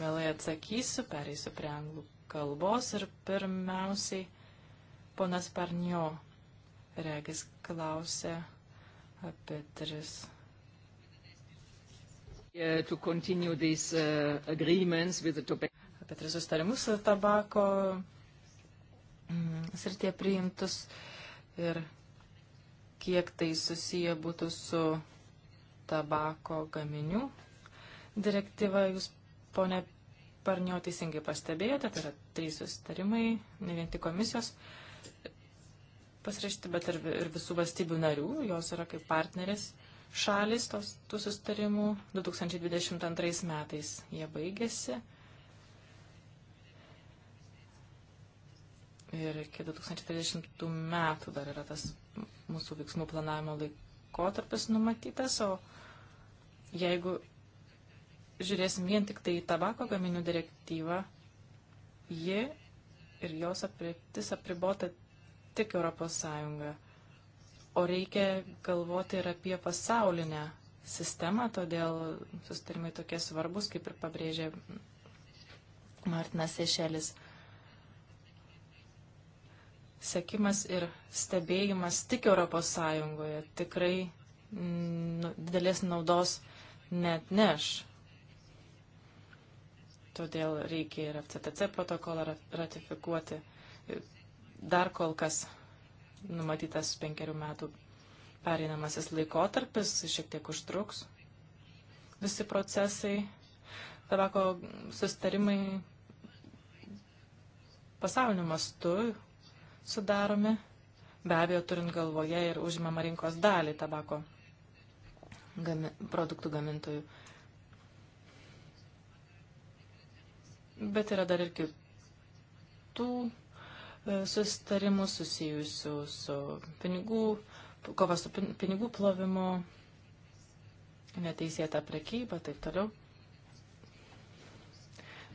mielai atsakysiu, pereisiu prie anglų kalbos ir pirmiausiai ponas Parnio regis klausė apie tris to continue these uh, agreements with the tobacco. Apie tris sustarimus su tabako mm, srityje priimtus ir kiek tai susiję būtų su tabako gaminių direktyva. Jūs, ponė Parnio, teisingai pastebėjote, tai yra trys susitarimai, ne vien tik komisijos pasirašyti, bet ir, ir visų valstybių narių, jos yra kaip partneris šalis tos, tų sustarimų. 2022 metais jie baigėsi Ir iki 2030 metų dar yra tas mūsų veiksmų planavimo laikotarpis numatytas, o jeigu žiūrėsim vien tik tai tabako gaminių direktyvą, ji ir jos apriptis apribota tik Europos Sąjunga. O reikia galvoti ir apie pasaulinę sistemą, todėl sustarimai tokie svarbus, kaip ir pabrėžė Martinas Ešelis. E sekimas ir stebėjimas tik Europos Sąjungoje tikrai m, nu, didelės naudos net neš. Todėl reikia ir FCTC protokolą ratifikuoti. Dar kol kas numatytas penkerių metų pereinamasis laikotarpis šiek tiek užtruks. Visi procesai, tabako sustarimai pasauliniu mastu sudaromi, be abejo turint galvoje ir užimamą rinkos dalį tabako gami, produktų gamintojų. Bet yra dar ir kitų e, susitarimų susijusių su pinigų, kova su pinigų plovimu, neteisėta prekyba, taip toliau.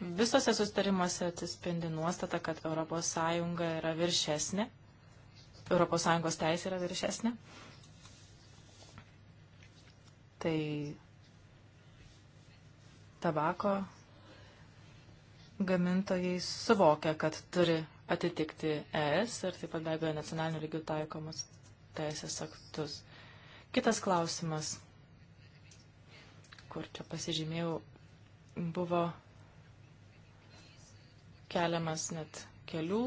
Visose sustarimuose atsispindi nuostata, kad ES yra viršesnė, ES teisė yra viršesnė. Tai tabako gamintojai suvokia, kad turi atitikti ES ir taip pat be abejo nacionalinių lygių taikomus teisės aktus. Kitas klausimas, kur čia pasižymėjau, buvo keliamas net kelių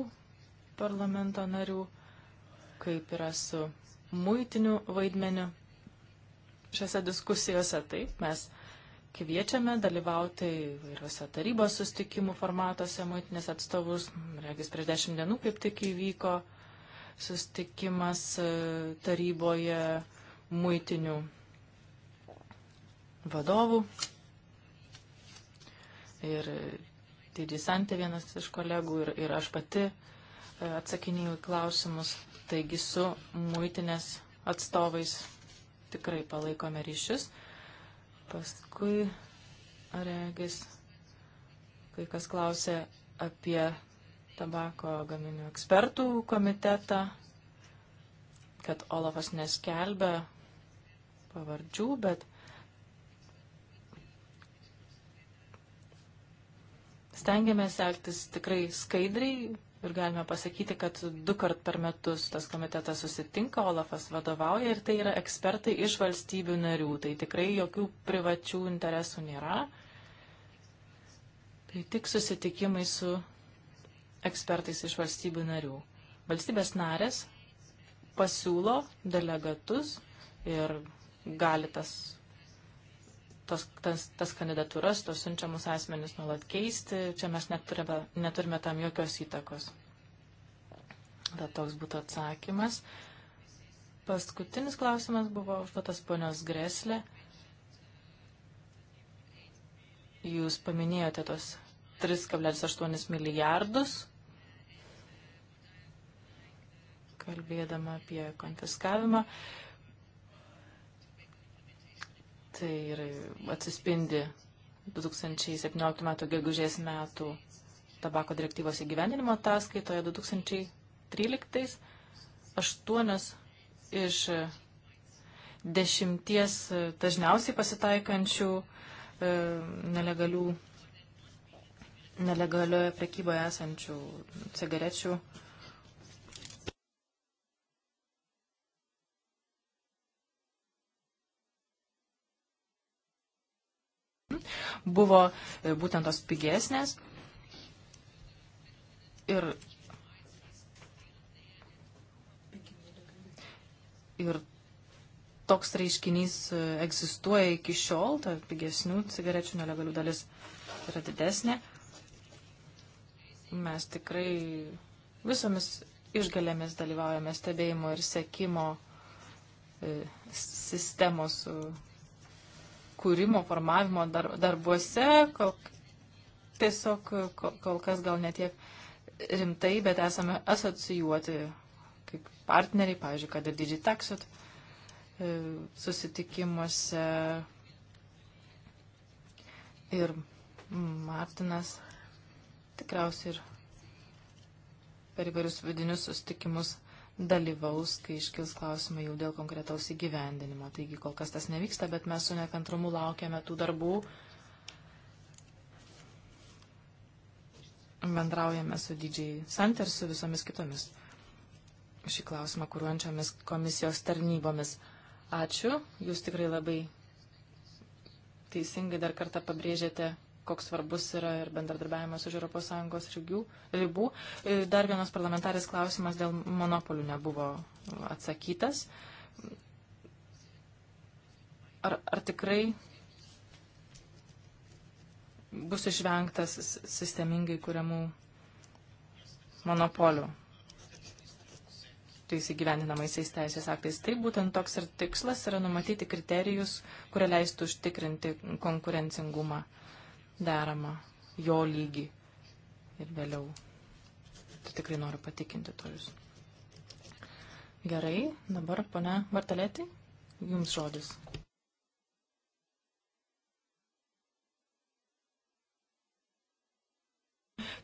parlamento narių, kaip yra su muitiniu vaidmeniu. Šiose diskusijose taip mes kviečiame dalyvauti įvairiuose tarybos sustikimų formatuose muitinės atstovus. Regis prieš dešimt dienų kaip tik įvyko sustikimas e, taryboje muitinių vadovų. Ir Tai Didį Santė vienas iš kolegų ir, ir aš pati e, atsakinėjau į klausimus. Taigi su muitinės atstovais tikrai palaikome ryšius. Paskui, regis, kai kas klausė apie tabako gaminių ekspertų komitetą, kad Olafas neskelbia pavardžių, bet Stengiamės elgtis tikrai skaidriai ir galime pasakyti, kad du kart per metus tas komitetas susitinka, Olafas vadovauja ir tai yra ekspertai iš valstybių narių. Tai tikrai jokių privačių interesų nėra. Tai tik susitikimai su ekspertais iš valstybių narių. Valstybės narės pasiūlo delegatus ir gali tas tos, tas, tas kandidatūras, tos siunčiamus asmenys nuolat keisti, čia mes neturime, neturime tam jokios įtakos. Tad toks būtų atsakymas. Paskutinis klausimas buvo užduotas ponios Greslė. Jūs paminėjote tos 3,8 milijardus, kalbėdama apie konfiskavimą. Uh, Tai ir atsispindi 2017 m. gegužės metų tabako direktyvos įgyvendinimo ataskaitoje 2013 aštuonios iš dešimties dažniausiai pasitaikančių e, nelegalių, nelegalioje prekyboje esančių cigarečių buvo e, būtent tos pigesnės. Ir, ir toks reiškinys e, egzistuoja iki šiol, ta pigesnių cigarečių nelegalių dalis yra didesnė. Mes tikrai visomis išgalėmis dalyvaujame stebėjimo ir sekimo e, sistemos kūrimo, formavimo dar, darbuose, kol, tiesiog kol, kol kas gal netiek rimtai, bet esame asocijuoti kaip partneriai, pavyzdžiui, kad ir Digitaxit e, susitikimuose ir Martinas tikriausiai ir per įvairius vidinius susitikimus dalyvaus, kai iškils klausimai jau dėl konkretaus įgyvendinimo. Taigi kol kas tas nevyksta, bet mes su nekantrumu laukiame tų darbų. Bendraujame su didžiai Sant ir su visomis kitomis šį klausimą kūruojančiomis komisijos tarnybomis. Ačiū, jūs tikrai labai teisingai dar kartą pabrėžėte koks svarbus yra ir bendradarbiavimas už ES rygių, ribų. Dar vienas parlamentarės klausimas dėl monopolių nebuvo atsakytas. Ar, ar tikrai bus išvengtas sistemingai kuriamų monopolių tais įgyvendinamaisiais teisės aktais. Tai būtent toks ir tikslas yra numatyti kriterijus, kurie leistų užtikrinti konkurencingumą deramą jo lygį ir vėliau. Tai tikrai noriu patikinti to jūs. Gerai, dabar pane Vartalėti, jums žodis.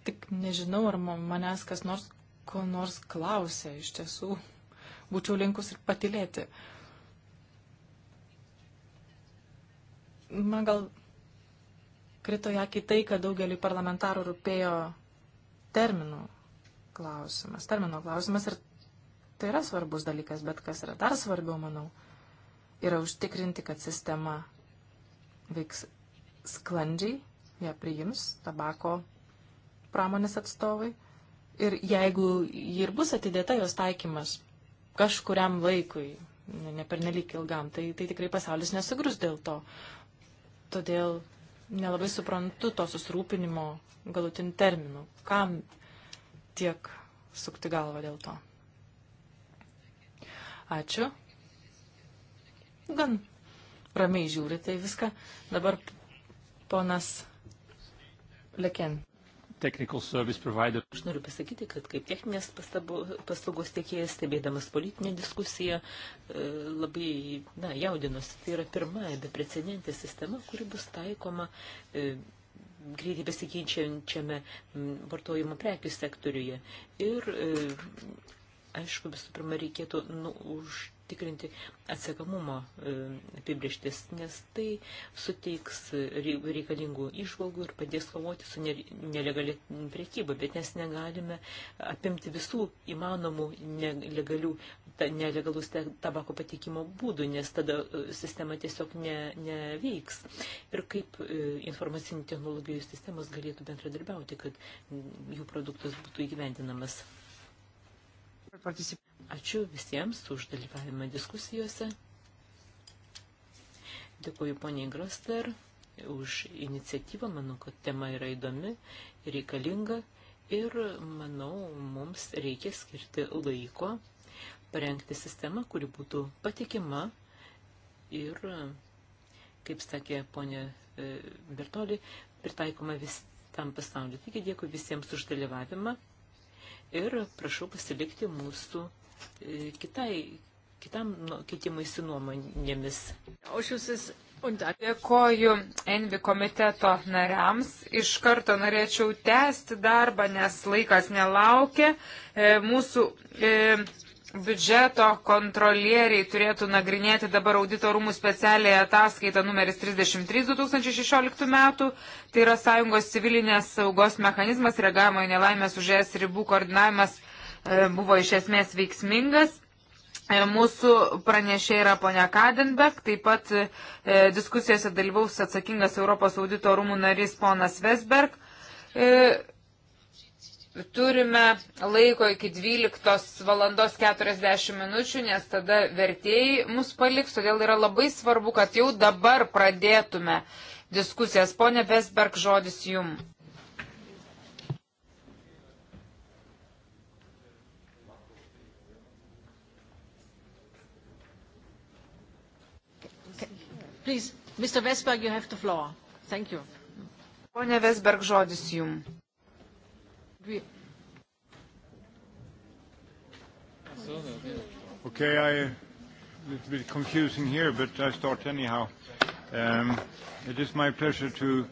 Tik nežinau, ar manęs kas nors ko nors klausė, iš tiesų būčiau linkus ir patilėti. Man gal krito ją kitai, kad daugeliu parlamentarų rūpėjo terminų klausimas, termino klausimas ir tai yra svarbus dalykas, bet kas yra dar svarbiau, manau, yra užtikrinti, kad sistema veiks sklandžiai, ją priims tabako pramonės atstovai ir jeigu ir bus atidėta jos taikymas kažkuriam laikui, ne per nelik ilgam, tai, tai tikrai pasaulis nesugrus dėl to. Todėl nelabai suprantu to susirūpinimo galutinių terminų. Kam tiek sukti galvą dėl to? Ačiū. Gan ramiai žiūrite tai į viską. Dabar ponas Leken technical service provider. Aš noriu pasakyti, kad kaip techninės paslaugos tiekėjas, stebėdamas politinę diskusiją, e, labai na, jaudinosi. Tai yra pirmąją beprecedentė sistema, kuri bus taikoma e, greitai besikeičiančiame vartojimo prekių sektoriuje. Ir e, aišku, visų pirma, reikėtų nu, už užtikrinti atsekamumo e, apibrieštis, nes tai suteiks reikalingų išvalgų ir padės kovoti su nelegali priekyba, bet mes negalime apimti visų įmanomų nelegalių, ta, nelegalus tabako patikimo būdų, nes tada e, sistema tiesiog ne, neveiks. Ir kaip e, informacinių technologijų sistemos galėtų bendradarbiauti, kad jų produktas būtų įgyvendinamas. Ačiū visiems už dalyvavimą diskusijose. Dėkuoju poniai Groster už iniciatyvą. Manau, kad tema yra įdomi, reikalinga ir, manau, mums reikia skirti laiko parengti sistemą, kuri būtų patikima ir, kaip sakė ponė e, Bertoli, pritaikoma vis tam pasauliu. Taigi dėkui visiems už dalyvavimą ir prašau pasilikti mūsų E, kitai, kitam nu, kitimuisi nuomonėmis. Dėkoju Envi komiteto nariams. Iš karto norėčiau tęsti darbą, nes laikas nelaukia. E, mūsų e, biudžeto kontrolieriai turėtų nagrinėti dabar audito rūmų specialiąją ataskaitą numeris 33 2016 metų. Tai yra Sąjungos civilinės saugos mechanizmas reagavimo į nelaimės už es ribų koordinavimas E, buvo iš esmės veiksmingas. E, mūsų pranešė yra ponia Kadenbeck, taip pat e, diskusijose dalyvaus atsakingas Europos audito rūmų narys ponas Vesberg. E, turime laiko iki 12 valandos 40 minučių, nes tada vertėjai mus paliks, todėl yra labai svarbu, kad jau dabar pradėtume diskusijas. Pone Vesberg, žodis jums. Please, Mr. Vesberg, you have the floor. Thank you. Pone Vesberg, žodis jum. Okay, I, a little bit confusing here, but I start anyhow. Um, it is my pleasure to uh,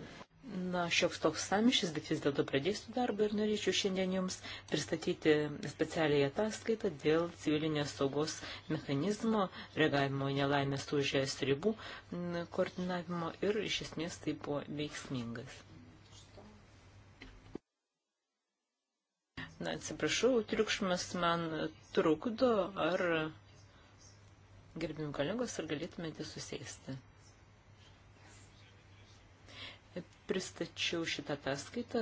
na, šioks toks samišis, bet vis dėlto pradėsiu darbą ir norėčiau šiandien Jums pristatyti specialiai ataskaitą dėl civilinės saugos mechanizmo, reagavimo nelaimės už jas ribų, koordinavimo ir iš esmės tai buvo veiksmingas. Na, atsiprašau, triukšmas man trukdo, ar gerbim kolegos, ar galėtumėte susėsti? pristačiau šitą ataskaitą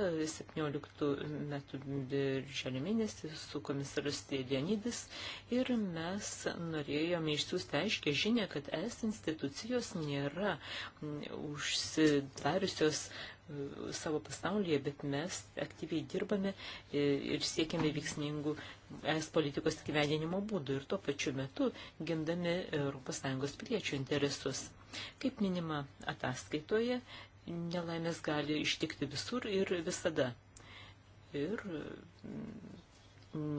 17 metų birželio mėnesį su komisaras Tėdienydis ir mes norėjome išsiųsti aiškę žinę, kad es institucijos nėra užsidariusios e, savo pasaulyje, bet mes aktyviai dirbame e, ir siekiame veiksmingų es politikos gyvenimo būdų ir tuo pačiu metu gindami ES piliečių interesus. Kaip minima ataskaitoje, nelaimės gali ištikti visur ir visada. Ir mm,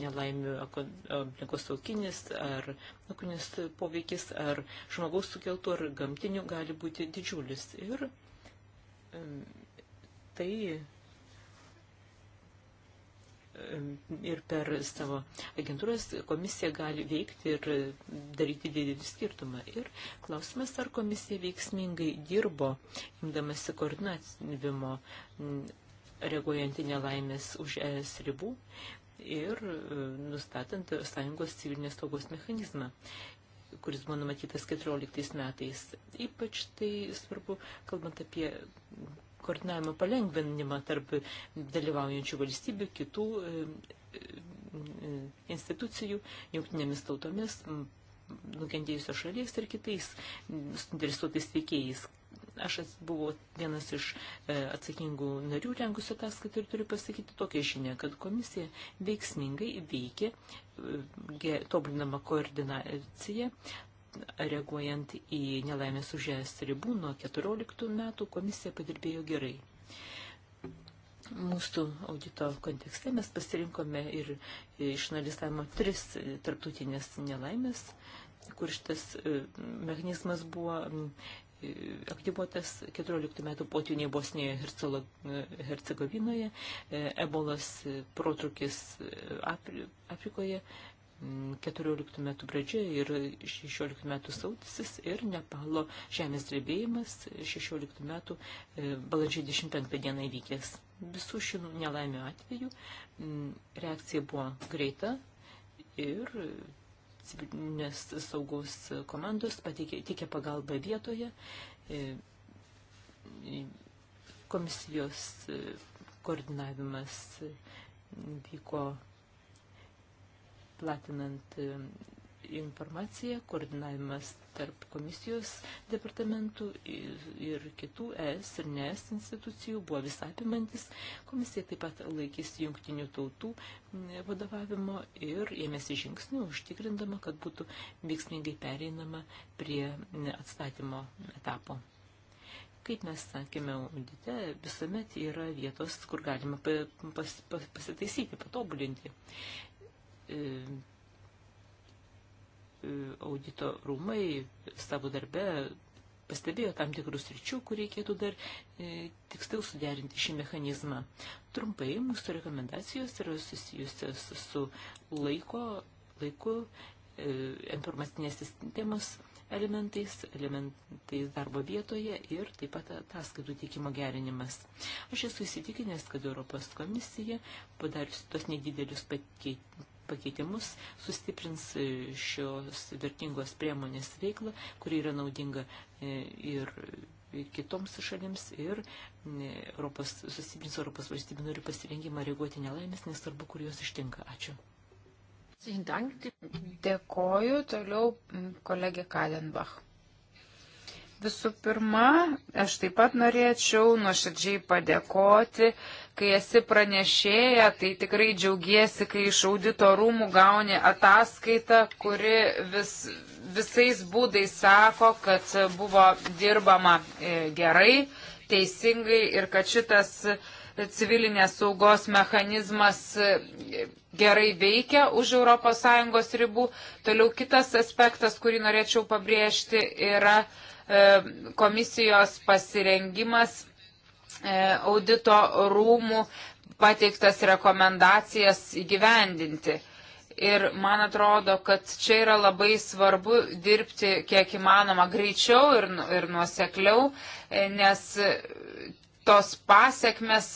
nelaimių aplinkos aukinis ar aukinis poveikis ar žmogaus sukeltų ar gamtinių gali būti didžiulis. Ir mm, tai ir per savo agentūros komisija gali veikti ir daryti didelį skirtumą. Ir klausimas, ar komisija veiksmingai dirbo, imdamasi koordinavimo, reaguojant į nelaimės už ES ribų ir e, nustatant sąjungos civilinės saugos mechanizmą kuris buvo numatytas 14 metais. Ypač tai svarbu, kalbant apie koordinavimo palengvinimą tarp dalyvaujančių valstybių, kitų e, e, institucijų, jungtinėmis tautomis, nukentėjusios šalies ir kitais suinteresuotais veikėjais. Aš buvau vienas iš e, atsakingų narių rengusių ataskaitą ir turiu pasakyti tokią žinę, kad komisija veiksmingai veikia tobulinama koordinacija reaguojant į nelaimės už jas ribų nuo 14 metų komisija padirbėjo gerai. Mūsų audito kontekste mes pasirinkome ir išanalizavimo tris tarptautinės nelaimės, kur šitas e, mechanizmas buvo e, aktyvuotas 14 metų potvyniai Bosnijoje e, Hercegovinoje, ebolas protrukis Afrikoje, 14 metų pradžia ir 16 metų sautis ir Nepalo žemės drebėjimas 16 metų e, balandžio 25 dieną įvykęs. Visų šių nelaimių atveju reakcija buvo greita ir civilinės saugos komandos pateikė, teikė pagalbą vietoje e, komisijos e, koordinavimas vyko platinant e, informaciją, koordinavimas tarp komisijos departamentų ir kitų ES ir NES institucijų buvo visapimantis. Komisija taip pat laikėsi jungtinių tautų vadovavimo ir ėmėsi žingsnių, užtikrindama, kad būtų veiksmingai pereinama prie atstatymo etapo. Kaip mes sakėme audite, visuomet yra vietos, kur galima pas, pas, pasitaisyti, patobulinti. E, e, audito rūmai savo darbe pastebėjo tam tikrus ryčių, kur reikėtų dar e, tiksliau suderinti šį mechanizmą. Trumpai mūsų rekomendacijos yra susijusios su laiko, laiku, e, informacinės sistemos elementais, elementais darbo vietoje ir taip pat ataskaitų teikimo gerinimas. Aš esu įsitikinęs, kad Europos komisija padarius tos nedidelius pakeitimus pakeitimus sustiprins e, šios vertingos priemonės veiklą, kuri yra naudinga e, ir kitoms šalims ir e, Europos, sustiprins Europos valstybių norių pasirengimą reaguoti nelaimės, nesvarbu, kur jos ištinka. Ačiū. Dėkoju. Toliau kolegė Kadenbach. Visų pirma, aš taip pat norėčiau nuoširdžiai padėkoti, kai esi pranešėja, tai tikrai džiaugiesi, kai iš audito rūmų gauni ataskaitą, kuri vis, visais būdais sako, kad buvo dirbama e, gerai, teisingai ir kad šitas civilinės saugos mechanizmas e, gerai veikia už ES ribų. Toliau kitas aspektas, kurį norėčiau pabrėžti, yra E, komisijos pasirengimas e, audito rūmų pateiktas rekomendacijas įgyvendinti. Ir man atrodo, kad čia yra labai svarbu dirbti kiek įmanoma greičiau ir, ir nuosekliau, e, nes tos pasiekmes,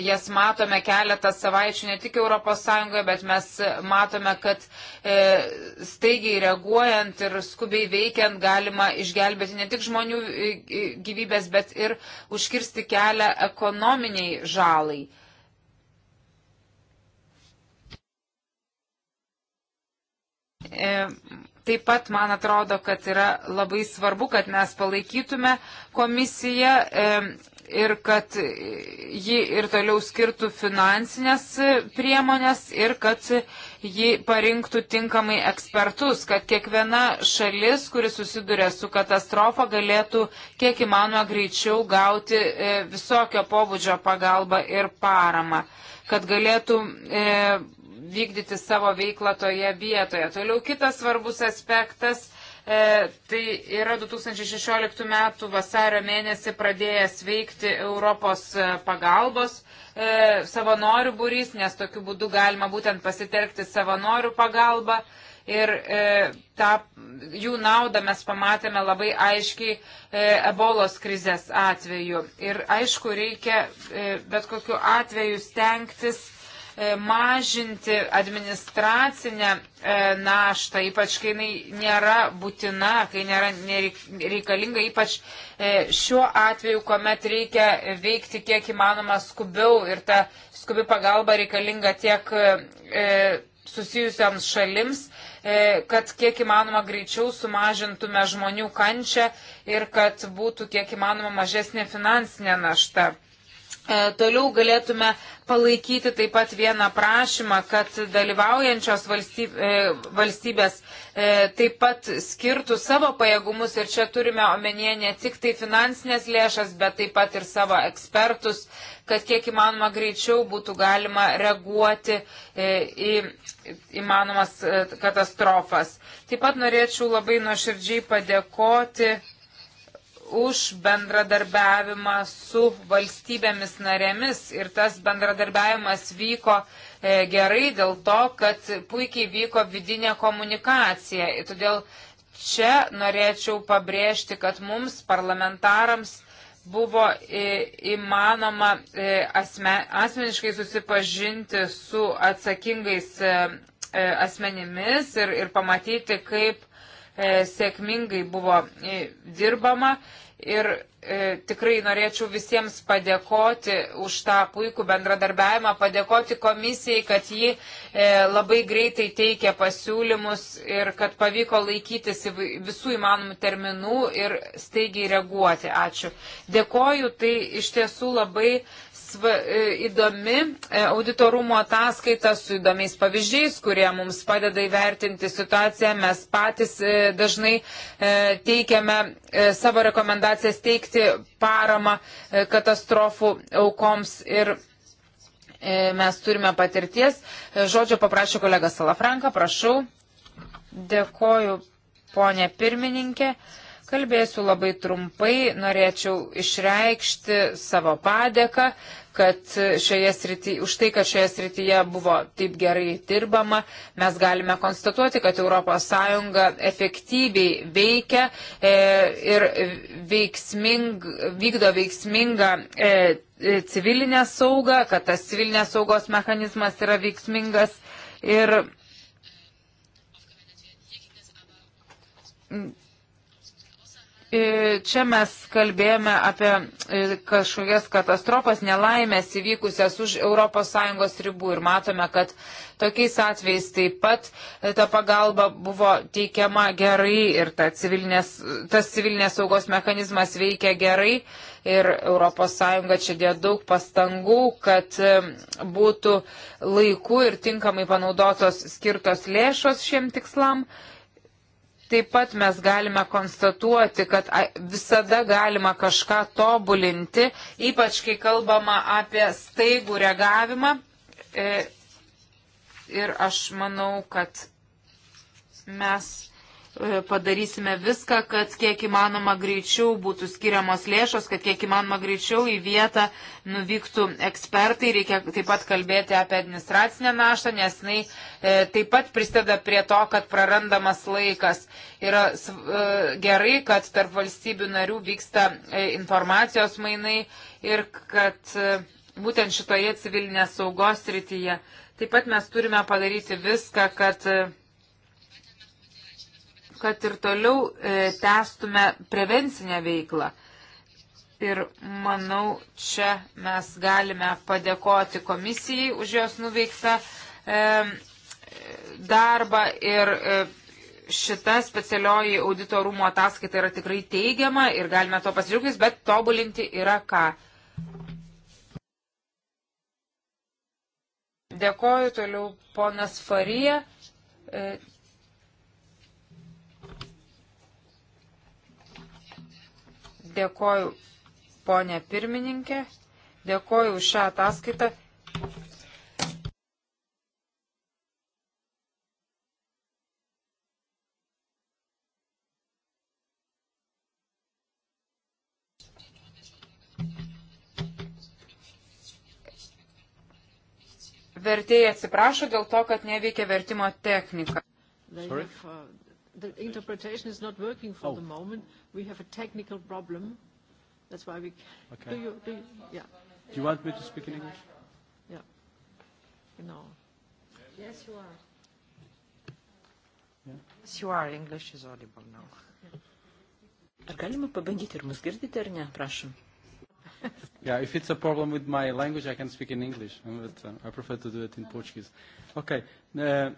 jas matome keletą savaičių ne tik ES, bet mes matome, kad e, staigiai reaguojant ir skubiai veikiant galima išgelbėti ne tik žmonių e, e, gyvybės, bet ir užkirsti kelią ekonominiai žalai. E, Taip pat man atrodo, kad yra labai svarbu, kad mes palaikytume komisiją. E, ir kad ji ir toliau skirtų finansinės priemonės ir kad ji parinktų tinkamai ekspertus, kad kiekviena šalis, kuri susiduria su katastrofa, galėtų kiek įmanoma greičiau gauti e, visokio pobūdžio pagalbą ir paramą, kad galėtų e, vykdyti savo veiklą toje vietoje. Toliau kitas svarbus aspektas E, tai yra 2016 m. vasario mėnesį pradėjęs veikti Europos e, pagalbos e, savanorių būrys, nes tokiu būdu galima būtent pasitelkti savanorių pagalbą. Ir e, tą, jų naudą mes pamatėme labai aiškiai e, ebolos krizės atveju. Ir aišku, reikia e, bet kokiu atveju stengtis e, E, mažinti administracinę e, naštą, ypač kai jinai nėra būtina, kai nėra reikalinga, ypač e, šiuo atveju, kuomet reikia veikti kiek įmanoma skubiau ir ta skubi pagalba reikalinga tiek susijusiams šalims, kad kiek įmanoma greičiau sumažintume žmonių kančią ir kad būtų kiek įmanoma mažesnė finansinė našta. E, toliau galėtume palaikyti taip pat vieną prašymą, kad dalyvaujančios e, valstybės e, taip pat skirtų savo pajėgumus ir čia turime omenyje ne tik tai finansinės lėšas, bet taip pat ir savo ekspertus, kad kiek įmanoma greičiau būtų galima reaguoti į įmanomas katastrofas. Taip pat norėčiau labai nuoširdžiai padėkoti už bendradarbiavimą su valstybėmis narėmis ir tas bendradarbiavimas vyko e, gerai dėl to, kad puikiai vyko vidinė komunikacija. Ir todėl čia norėčiau pabrėžti, kad mums parlamentarams buvo e, įmanoma e, asme, asmeniškai susipažinti su atsakingais e, asmenimis ir, ir pamatyti, kaip E, sėkmingai buvo e, dirbama ir e, tikrai norėčiau visiems padėkoti už tą puikų bendradarbiavimą, padėkoti komisijai, kad ji labai greitai teikė pasiūlymus ir kad pavyko laikytis visų įmanomų terminų ir staigiai reaguoti. Ačiū. Dėkoju, tai iš tiesų labai sva, e, įdomi e, auditorumo ataskaita su įdomiais pavyzdžiais, kurie mums padeda įvertinti situaciją. Mes patys e, dažnai teikiame savo rekomendacijas teikti paramą katastrofų aukoms ir mes turime patirties. Žodžio paprašė kolega Salafranka, prašau. Dėkoju, ponė pirmininkė. E, Kalbėsiu labai trumpai, norėčiau išreikšti savo padėką kad šioje srityje, už tai, kad šioje srityje buvo taip gerai dirbama, mes galime konstatuoti, kad ES efektyviai veikia e, ir veiksming, vykdo veiksmingą e, civilinę saugą, kad tas civilinės saugos mechanizmas yra veiksmingas ir E, čia mes kalbėjome apie e, kažkokias katastrofas, nelaimės įvykusias už ES ribų ir matome, kad tokiais atvejais taip pat e, ta pagalba buvo teikiama gerai ir ta civilinės, tas civilinės saugos mechanizmas veikia gerai ir ES čia dėjo daug pastangų, kad būtų laiku ir tinkamai panaudotos skirtos lėšos šiem tikslam. Taip pat mes galime konstatuoti, kad visada galima kažką tobulinti, ypač kai kalbama apie staigų reagavimą. E, ir aš manau, kad mes E, padarysime viską, kad kiek įmanoma greičiau būtų skiriamos lėšos, kad kiek įmanoma greičiau į vietą nuvyktų ekspertai. Reikia taip pat kalbėti apie administracinę naštą, nes jinai e, taip pat prisideda prie to, kad prarandamas laikas. Yra e, gerai, kad tarp valstybių narių vyksta e, informacijos mainai ir kad e, būtent šitoje civilinės saugos rytyje. Taip pat mes turime padaryti viską, kad e, kad ir toliau e, testume prevencinę veiklą. Ir manau, čia mes galime padėkoti komisijai už jos nuveiktą e, darbą ir e, šita specialioji audito rūmo ataskaita yra tikrai teigiama ir galime to pasidžiaugtis, bet tobulinti yra ką. Dėkoju toliau ponas Farija. E, Dėkoju, ponė pirmininkė, dėkoju už šią ataskaitą. Vertėjai atsiprašo dėl to, kad neveikia vertimo technika. Sorry? the interpretation is not working for oh. the moment. We have a technical problem. That's why we. Okay. Do you, do you, yeah. Do you want me to speak in English? Yeah. No. Yes, you are. Yeah. Yes, you are. English is audible now. Ar galima pabandyti, ar mus girdite, ar ne? Prašom. yeah, if it's a problem with my language, I can speak in English, but uh, I prefer to do it in Portuguese. Okay. Uh,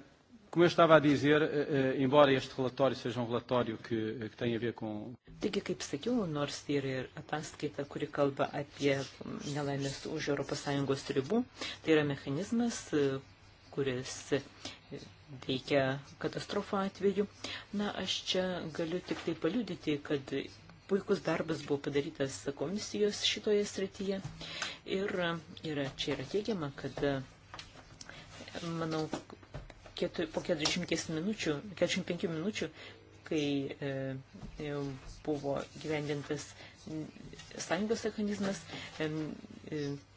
Como eu estava a dizer, eh, eh, embora este relatório seja um relatório que, eh, que tem a ver com. Taigi, kaip sakiau, nors ir, ir ataskaita, kuri kalba apie nelaimės už ES ribų, tai yra mechanizmas, kuris veikia katastrofo atveju. Na, aš čia galiu tik tai paliudyti, kad puikus darbas buvo padarytas komisijos šitoje srityje. Ir, ir čia yra teigiama, kad, manau, ketu, po 40 minučių, 45 minučių, kai e, e, buvo gyvendintas sąjungos mechanizmas, e,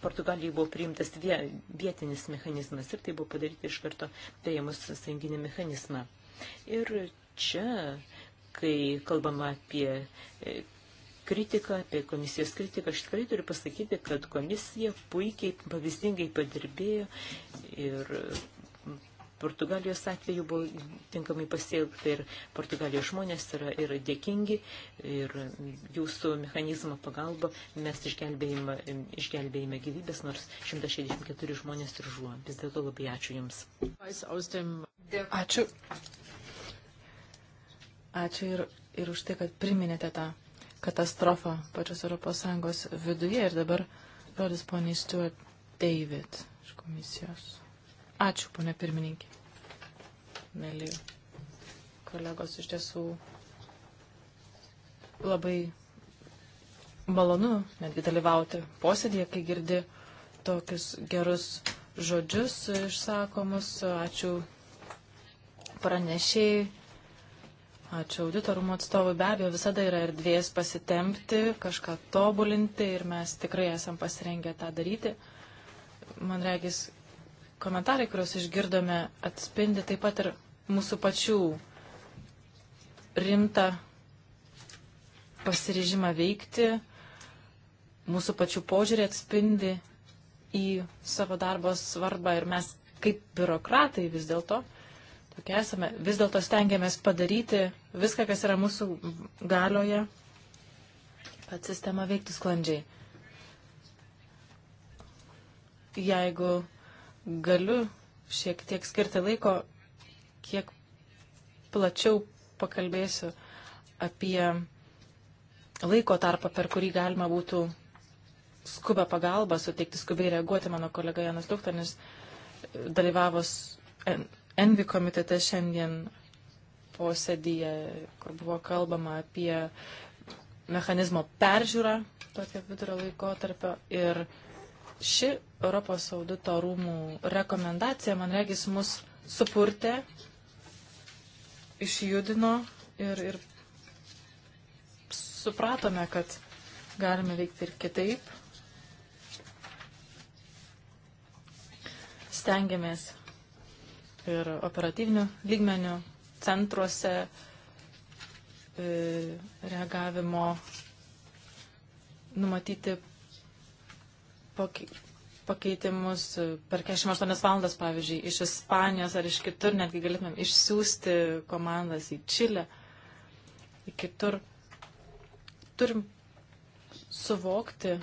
Portugalijai buvo priimtas vietinis mechanizmas ir tai buvo padaryti iš karto paėmus sąjunginį mechanizmą. Ir čia, kai kalbama apie e, kritiką, apie komisijos kritiką, aš tikrai turiu pasakyti, kad komisija puikiai, pavyzdingai padirbėjo ir Portugalijos atveju buvo tinkamai pasielgta ir Portugalijos žmonės yra, yra dėkingi ir jūsų mechanizmo pagalba mes išgelbėjime, išgelbėjime gyvybės, nors 164 žmonės ir žuvo. Vis dėlto labai ačiū Jums. Ačiū. Ačiū ir, ir už tai, kad priminėte tą katastrofą pačios ES viduje ir dabar rodys poniai Stuart David iš komisijos. Ačiū, ponė pirmininkė. Mėly kolegos, iš tiesų labai malonu netgi dalyvauti posėdėje, kai girdi tokius gerus žodžius išsakomus. Ačiū pranešėjai, ačiū auditorumo atstovui. Be abejo, visada yra erdvės pasitempti, kažką tobulinti ir mes tikrai esam pasirengę tą daryti. Man regis, komentarai, kuriuos išgirdome, atspindi taip pat ir mūsų pačių rimtą pasiryžimą veikti, mūsų pačių požiūrį atspindi į savo darbo svarbą ir mes kaip biurokratai vis dėlto, tokie esame, vis dėlto stengiamės padaryti viską, kas yra mūsų galioje, kad sistema veiktų sklandžiai. Jeigu galiu šiek tiek skirti laiko, kiek plačiau pakalbėsiu apie laiko tarpą, per kurį galima būtų skubę pagalbą suteikti, skubiai reaguoti. Mano kolega Janas Luktanis e, dalyvavo Envi komitete šiandien posėdyje, kur buvo kalbama apie mechanizmo peržiūrą tokio vidurio laiko tarpio ir ši Europos audito rūmų rekomendacija, man regis, mus supurtė, išjudino ir, ir supratome, kad galime veikti ir kitaip. Stengiamės ir operatyvinių lygmenių centruose e, reagavimo numatyti pakeitimus per 48 valandas, pavyzdžiui, iš Ispanijos ar iš kitur, netgi galėtumėm išsiųsti komandas į Čilę, į kitur. Turim suvokti,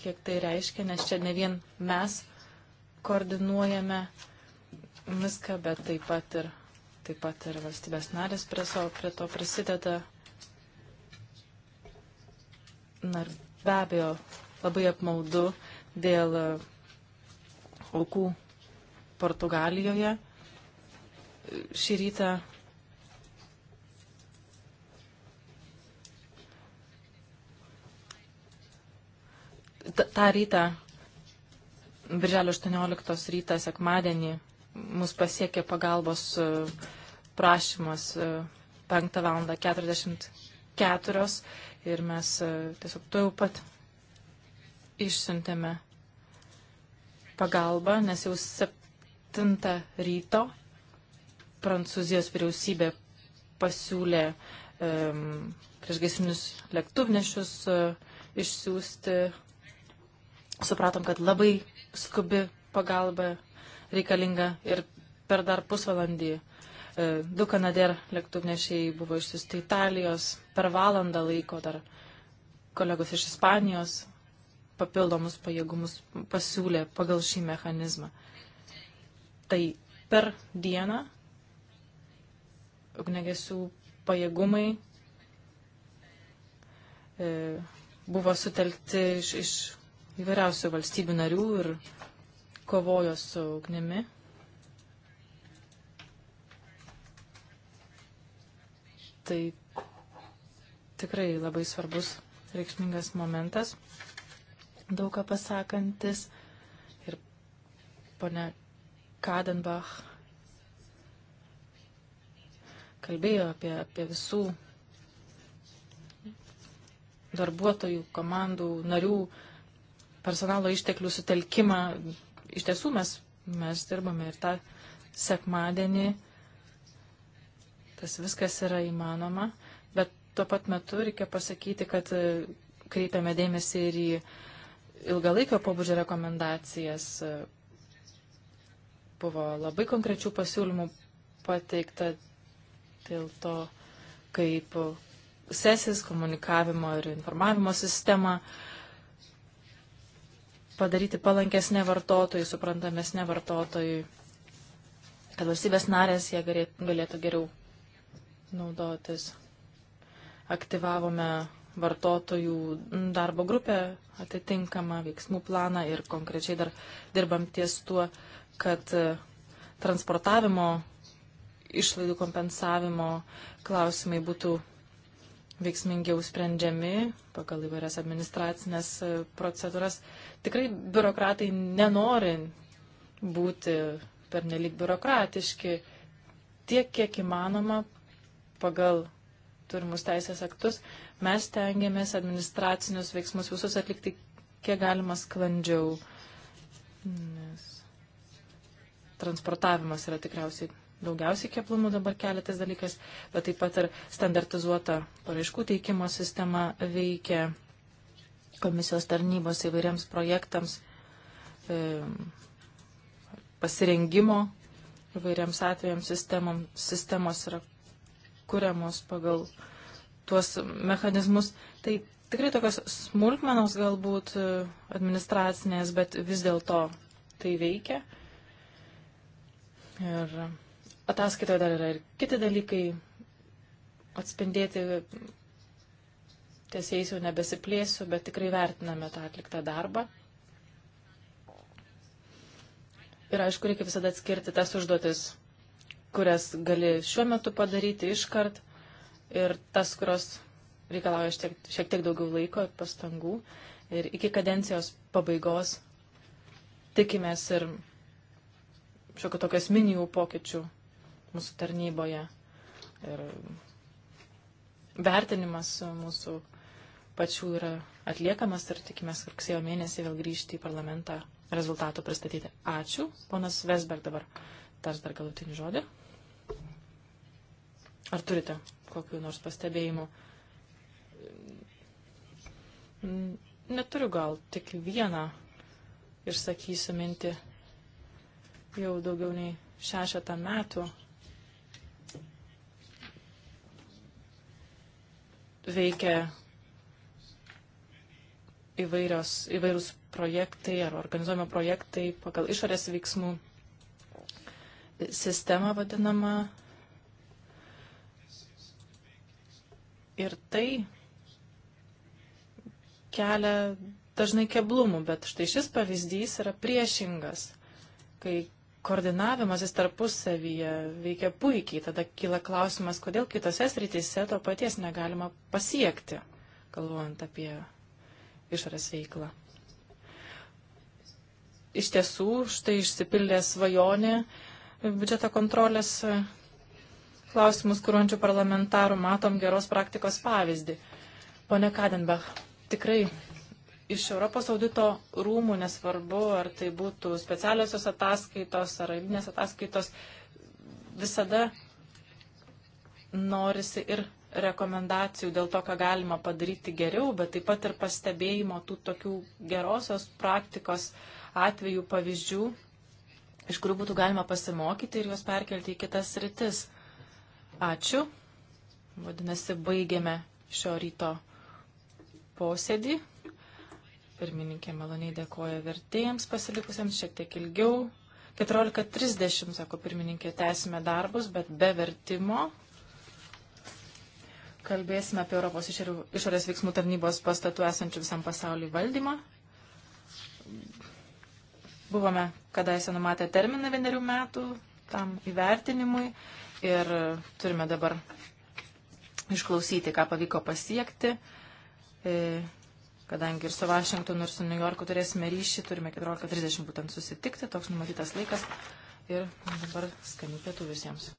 kiek tai reiškia, nes čia ne vien mes koordinuojame viską, bet taip pat ir, taip pat ir valstybės narės prie, savo, prie to prisideda. Na ir be abejo, labai apmaudu, dėl e, aukų Portugalijoje. Šį rytą tą rytą, birželio 18 rytą, sekmadienį, mus pasiekė pagalbos e, prašymas 5 val. 44 ir mes e, tiesiog tuojau pat išsiuntėme pagalbą, nes jau 7 ryto Prancūzijos vyriausybė pasiūlė um, priešgaisinius lėktuvnešius uh, išsiųsti. Supratom, kad labai skubi pagalba reikalinga ir per dar pusvalandį uh, du Kanadier lėktuvnešiai buvo išsiųsti Italijos, per valandą laiko dar kolegos iš Ispanijos papildomus pajėgumus pasiūlė pagal šį mechanizmą. Tai per dieną ugnegesių pajėgumai e, buvo sutelkti iš, iš įvairiausių valstybių narių ir kovojo su ugnimi. Tai tikrai labai svarbus reikšmingas momentas daugą pasakantis. Ir ponia Kadenbach kalbėjo apie, apie visų darbuotojų, komandų, narių, personalo išteklių sutelkimą. Iš tiesų mes, mes dirbame ir tą sekmadienį. Tas viskas yra įmanoma, bet tuo pat metu reikia pasakyti, kad kreipiame dėmesį ir į ilgalaikio pobūdžio rekomendacijas. Buvo labai konkrečių pasiūlymų pateikta dėl to, kaip sesis komunikavimo ir informavimo sistemą padaryti palankesnė vartotojai, suprantamesnė vartotojai, kad valstybės narės jie galėtų geriau naudotis. Aktyvavome vartotojų darbo grupę atitinkamą veiksmų planą ir konkrečiai dar dirbam ties tuo, kad e, transportavimo išlaidų kompensavimo klausimai būtų veiksmingiau sprendžiami pagal įvairias administracinės e, procedūras. Tikrai biurokratai nenori būti pernelik biurokratiški tiek, kiek įmanoma pagal turimus teisės aktus, mes tengiamės administracinius veiksmus visus atlikti kiek galima sklandžiau, nes transportavimas yra tikriausiai daugiausiai keblumų dabar keletas dalykas, bet taip pat ir standartizuota paraiškų teikimo sistema veikia komisijos tarnybos įvairiams projektams e, pasirengimo įvairiams atvejams sistemom, sistemos yra kuriamos pagal tuos mechanizmus. Tai tikrai tokios smulkmenos galbūt e, administracinės, bet vis dėlto tai veikia. Ir ataskaitoje dar yra ir kiti dalykai atspindėti. Tiesiais jau nebesiplėsiu, bet tikrai vertiname tą atliktą darbą. Ir aišku, reikia visada atskirti tas užduotis, kurias gali šiuo metu padaryti iškart ir tas, kurios reikalauja šiek, šiek tiek daugiau laiko ir pastangų. Ir iki kadencijos pabaigos tikimės ir šiokio tokio esminių pokyčių mūsų tarnyboje. Ir vertinimas mūsų pačių yra atliekamas ir tikimės rugsėjo mėnesį vėl grįžti į parlamentą rezultatų pristatyti. Ačiū. Ponas Vesberg dabar tars dar galutinį žodį. Ar turite kokiu nors pastebėjimu? Neturiu gal tik vieną išsakysiu mintį jau daugiau nei šešetą metų. Veikia įvairios, įvairūs projektai ar organizuojama projektai pagal išorės veiksmų sistemą vadinamą Ir tai kelia dažnai keblumų, bet štai šis pavyzdys yra priešingas, kai koordinavimas jis tarpusavyje veikia puikiai, tada kyla klausimas, kodėl kitose srityse to paties negalima pasiekti, galvojant apie išorės veiklą. Iš tiesų, štai išsipildė svajonė biudžeto kontrolės klausimus kūruojančių parlamentarų matom geros praktikos pavyzdį. Pone Kadenbach, tikrai iš Europos audito rūmų nesvarbu, ar tai būtų specialiosios ataskaitos ar eilinės ataskaitos, visada norisi ir rekomendacijų dėl to, ką galima padaryti geriau, bet taip pat ir pastebėjimo tų tokių gerosios praktikos atvejų pavyzdžių, iš kurių būtų galima pasimokyti ir juos perkelti į kitas rytis. Ačiū. Vadinasi, baigėme šio ryto posėdį. Pirmininkė maloniai dėkoja vertėjams pasilikusiems šiek tiek ilgiau. 14.30, sako pirmininkė, tęsime darbus, bet be vertimo. Kalbėsime apie Europos išorės veiksmų tarnybos pastatų esančių visam pasauliu valdymą. Buvome kadaise numatę terminą vienerių metų tam įvertinimui ir turime dabar išklausyti, ką pavyko pasiekti. E, kadangi ir su Vašingtonu, ir su New Yorku turėsime ryšį, turime 14.30 būtent susitikti, toks numatytas laikas. Ir dabar skanių pietų visiems.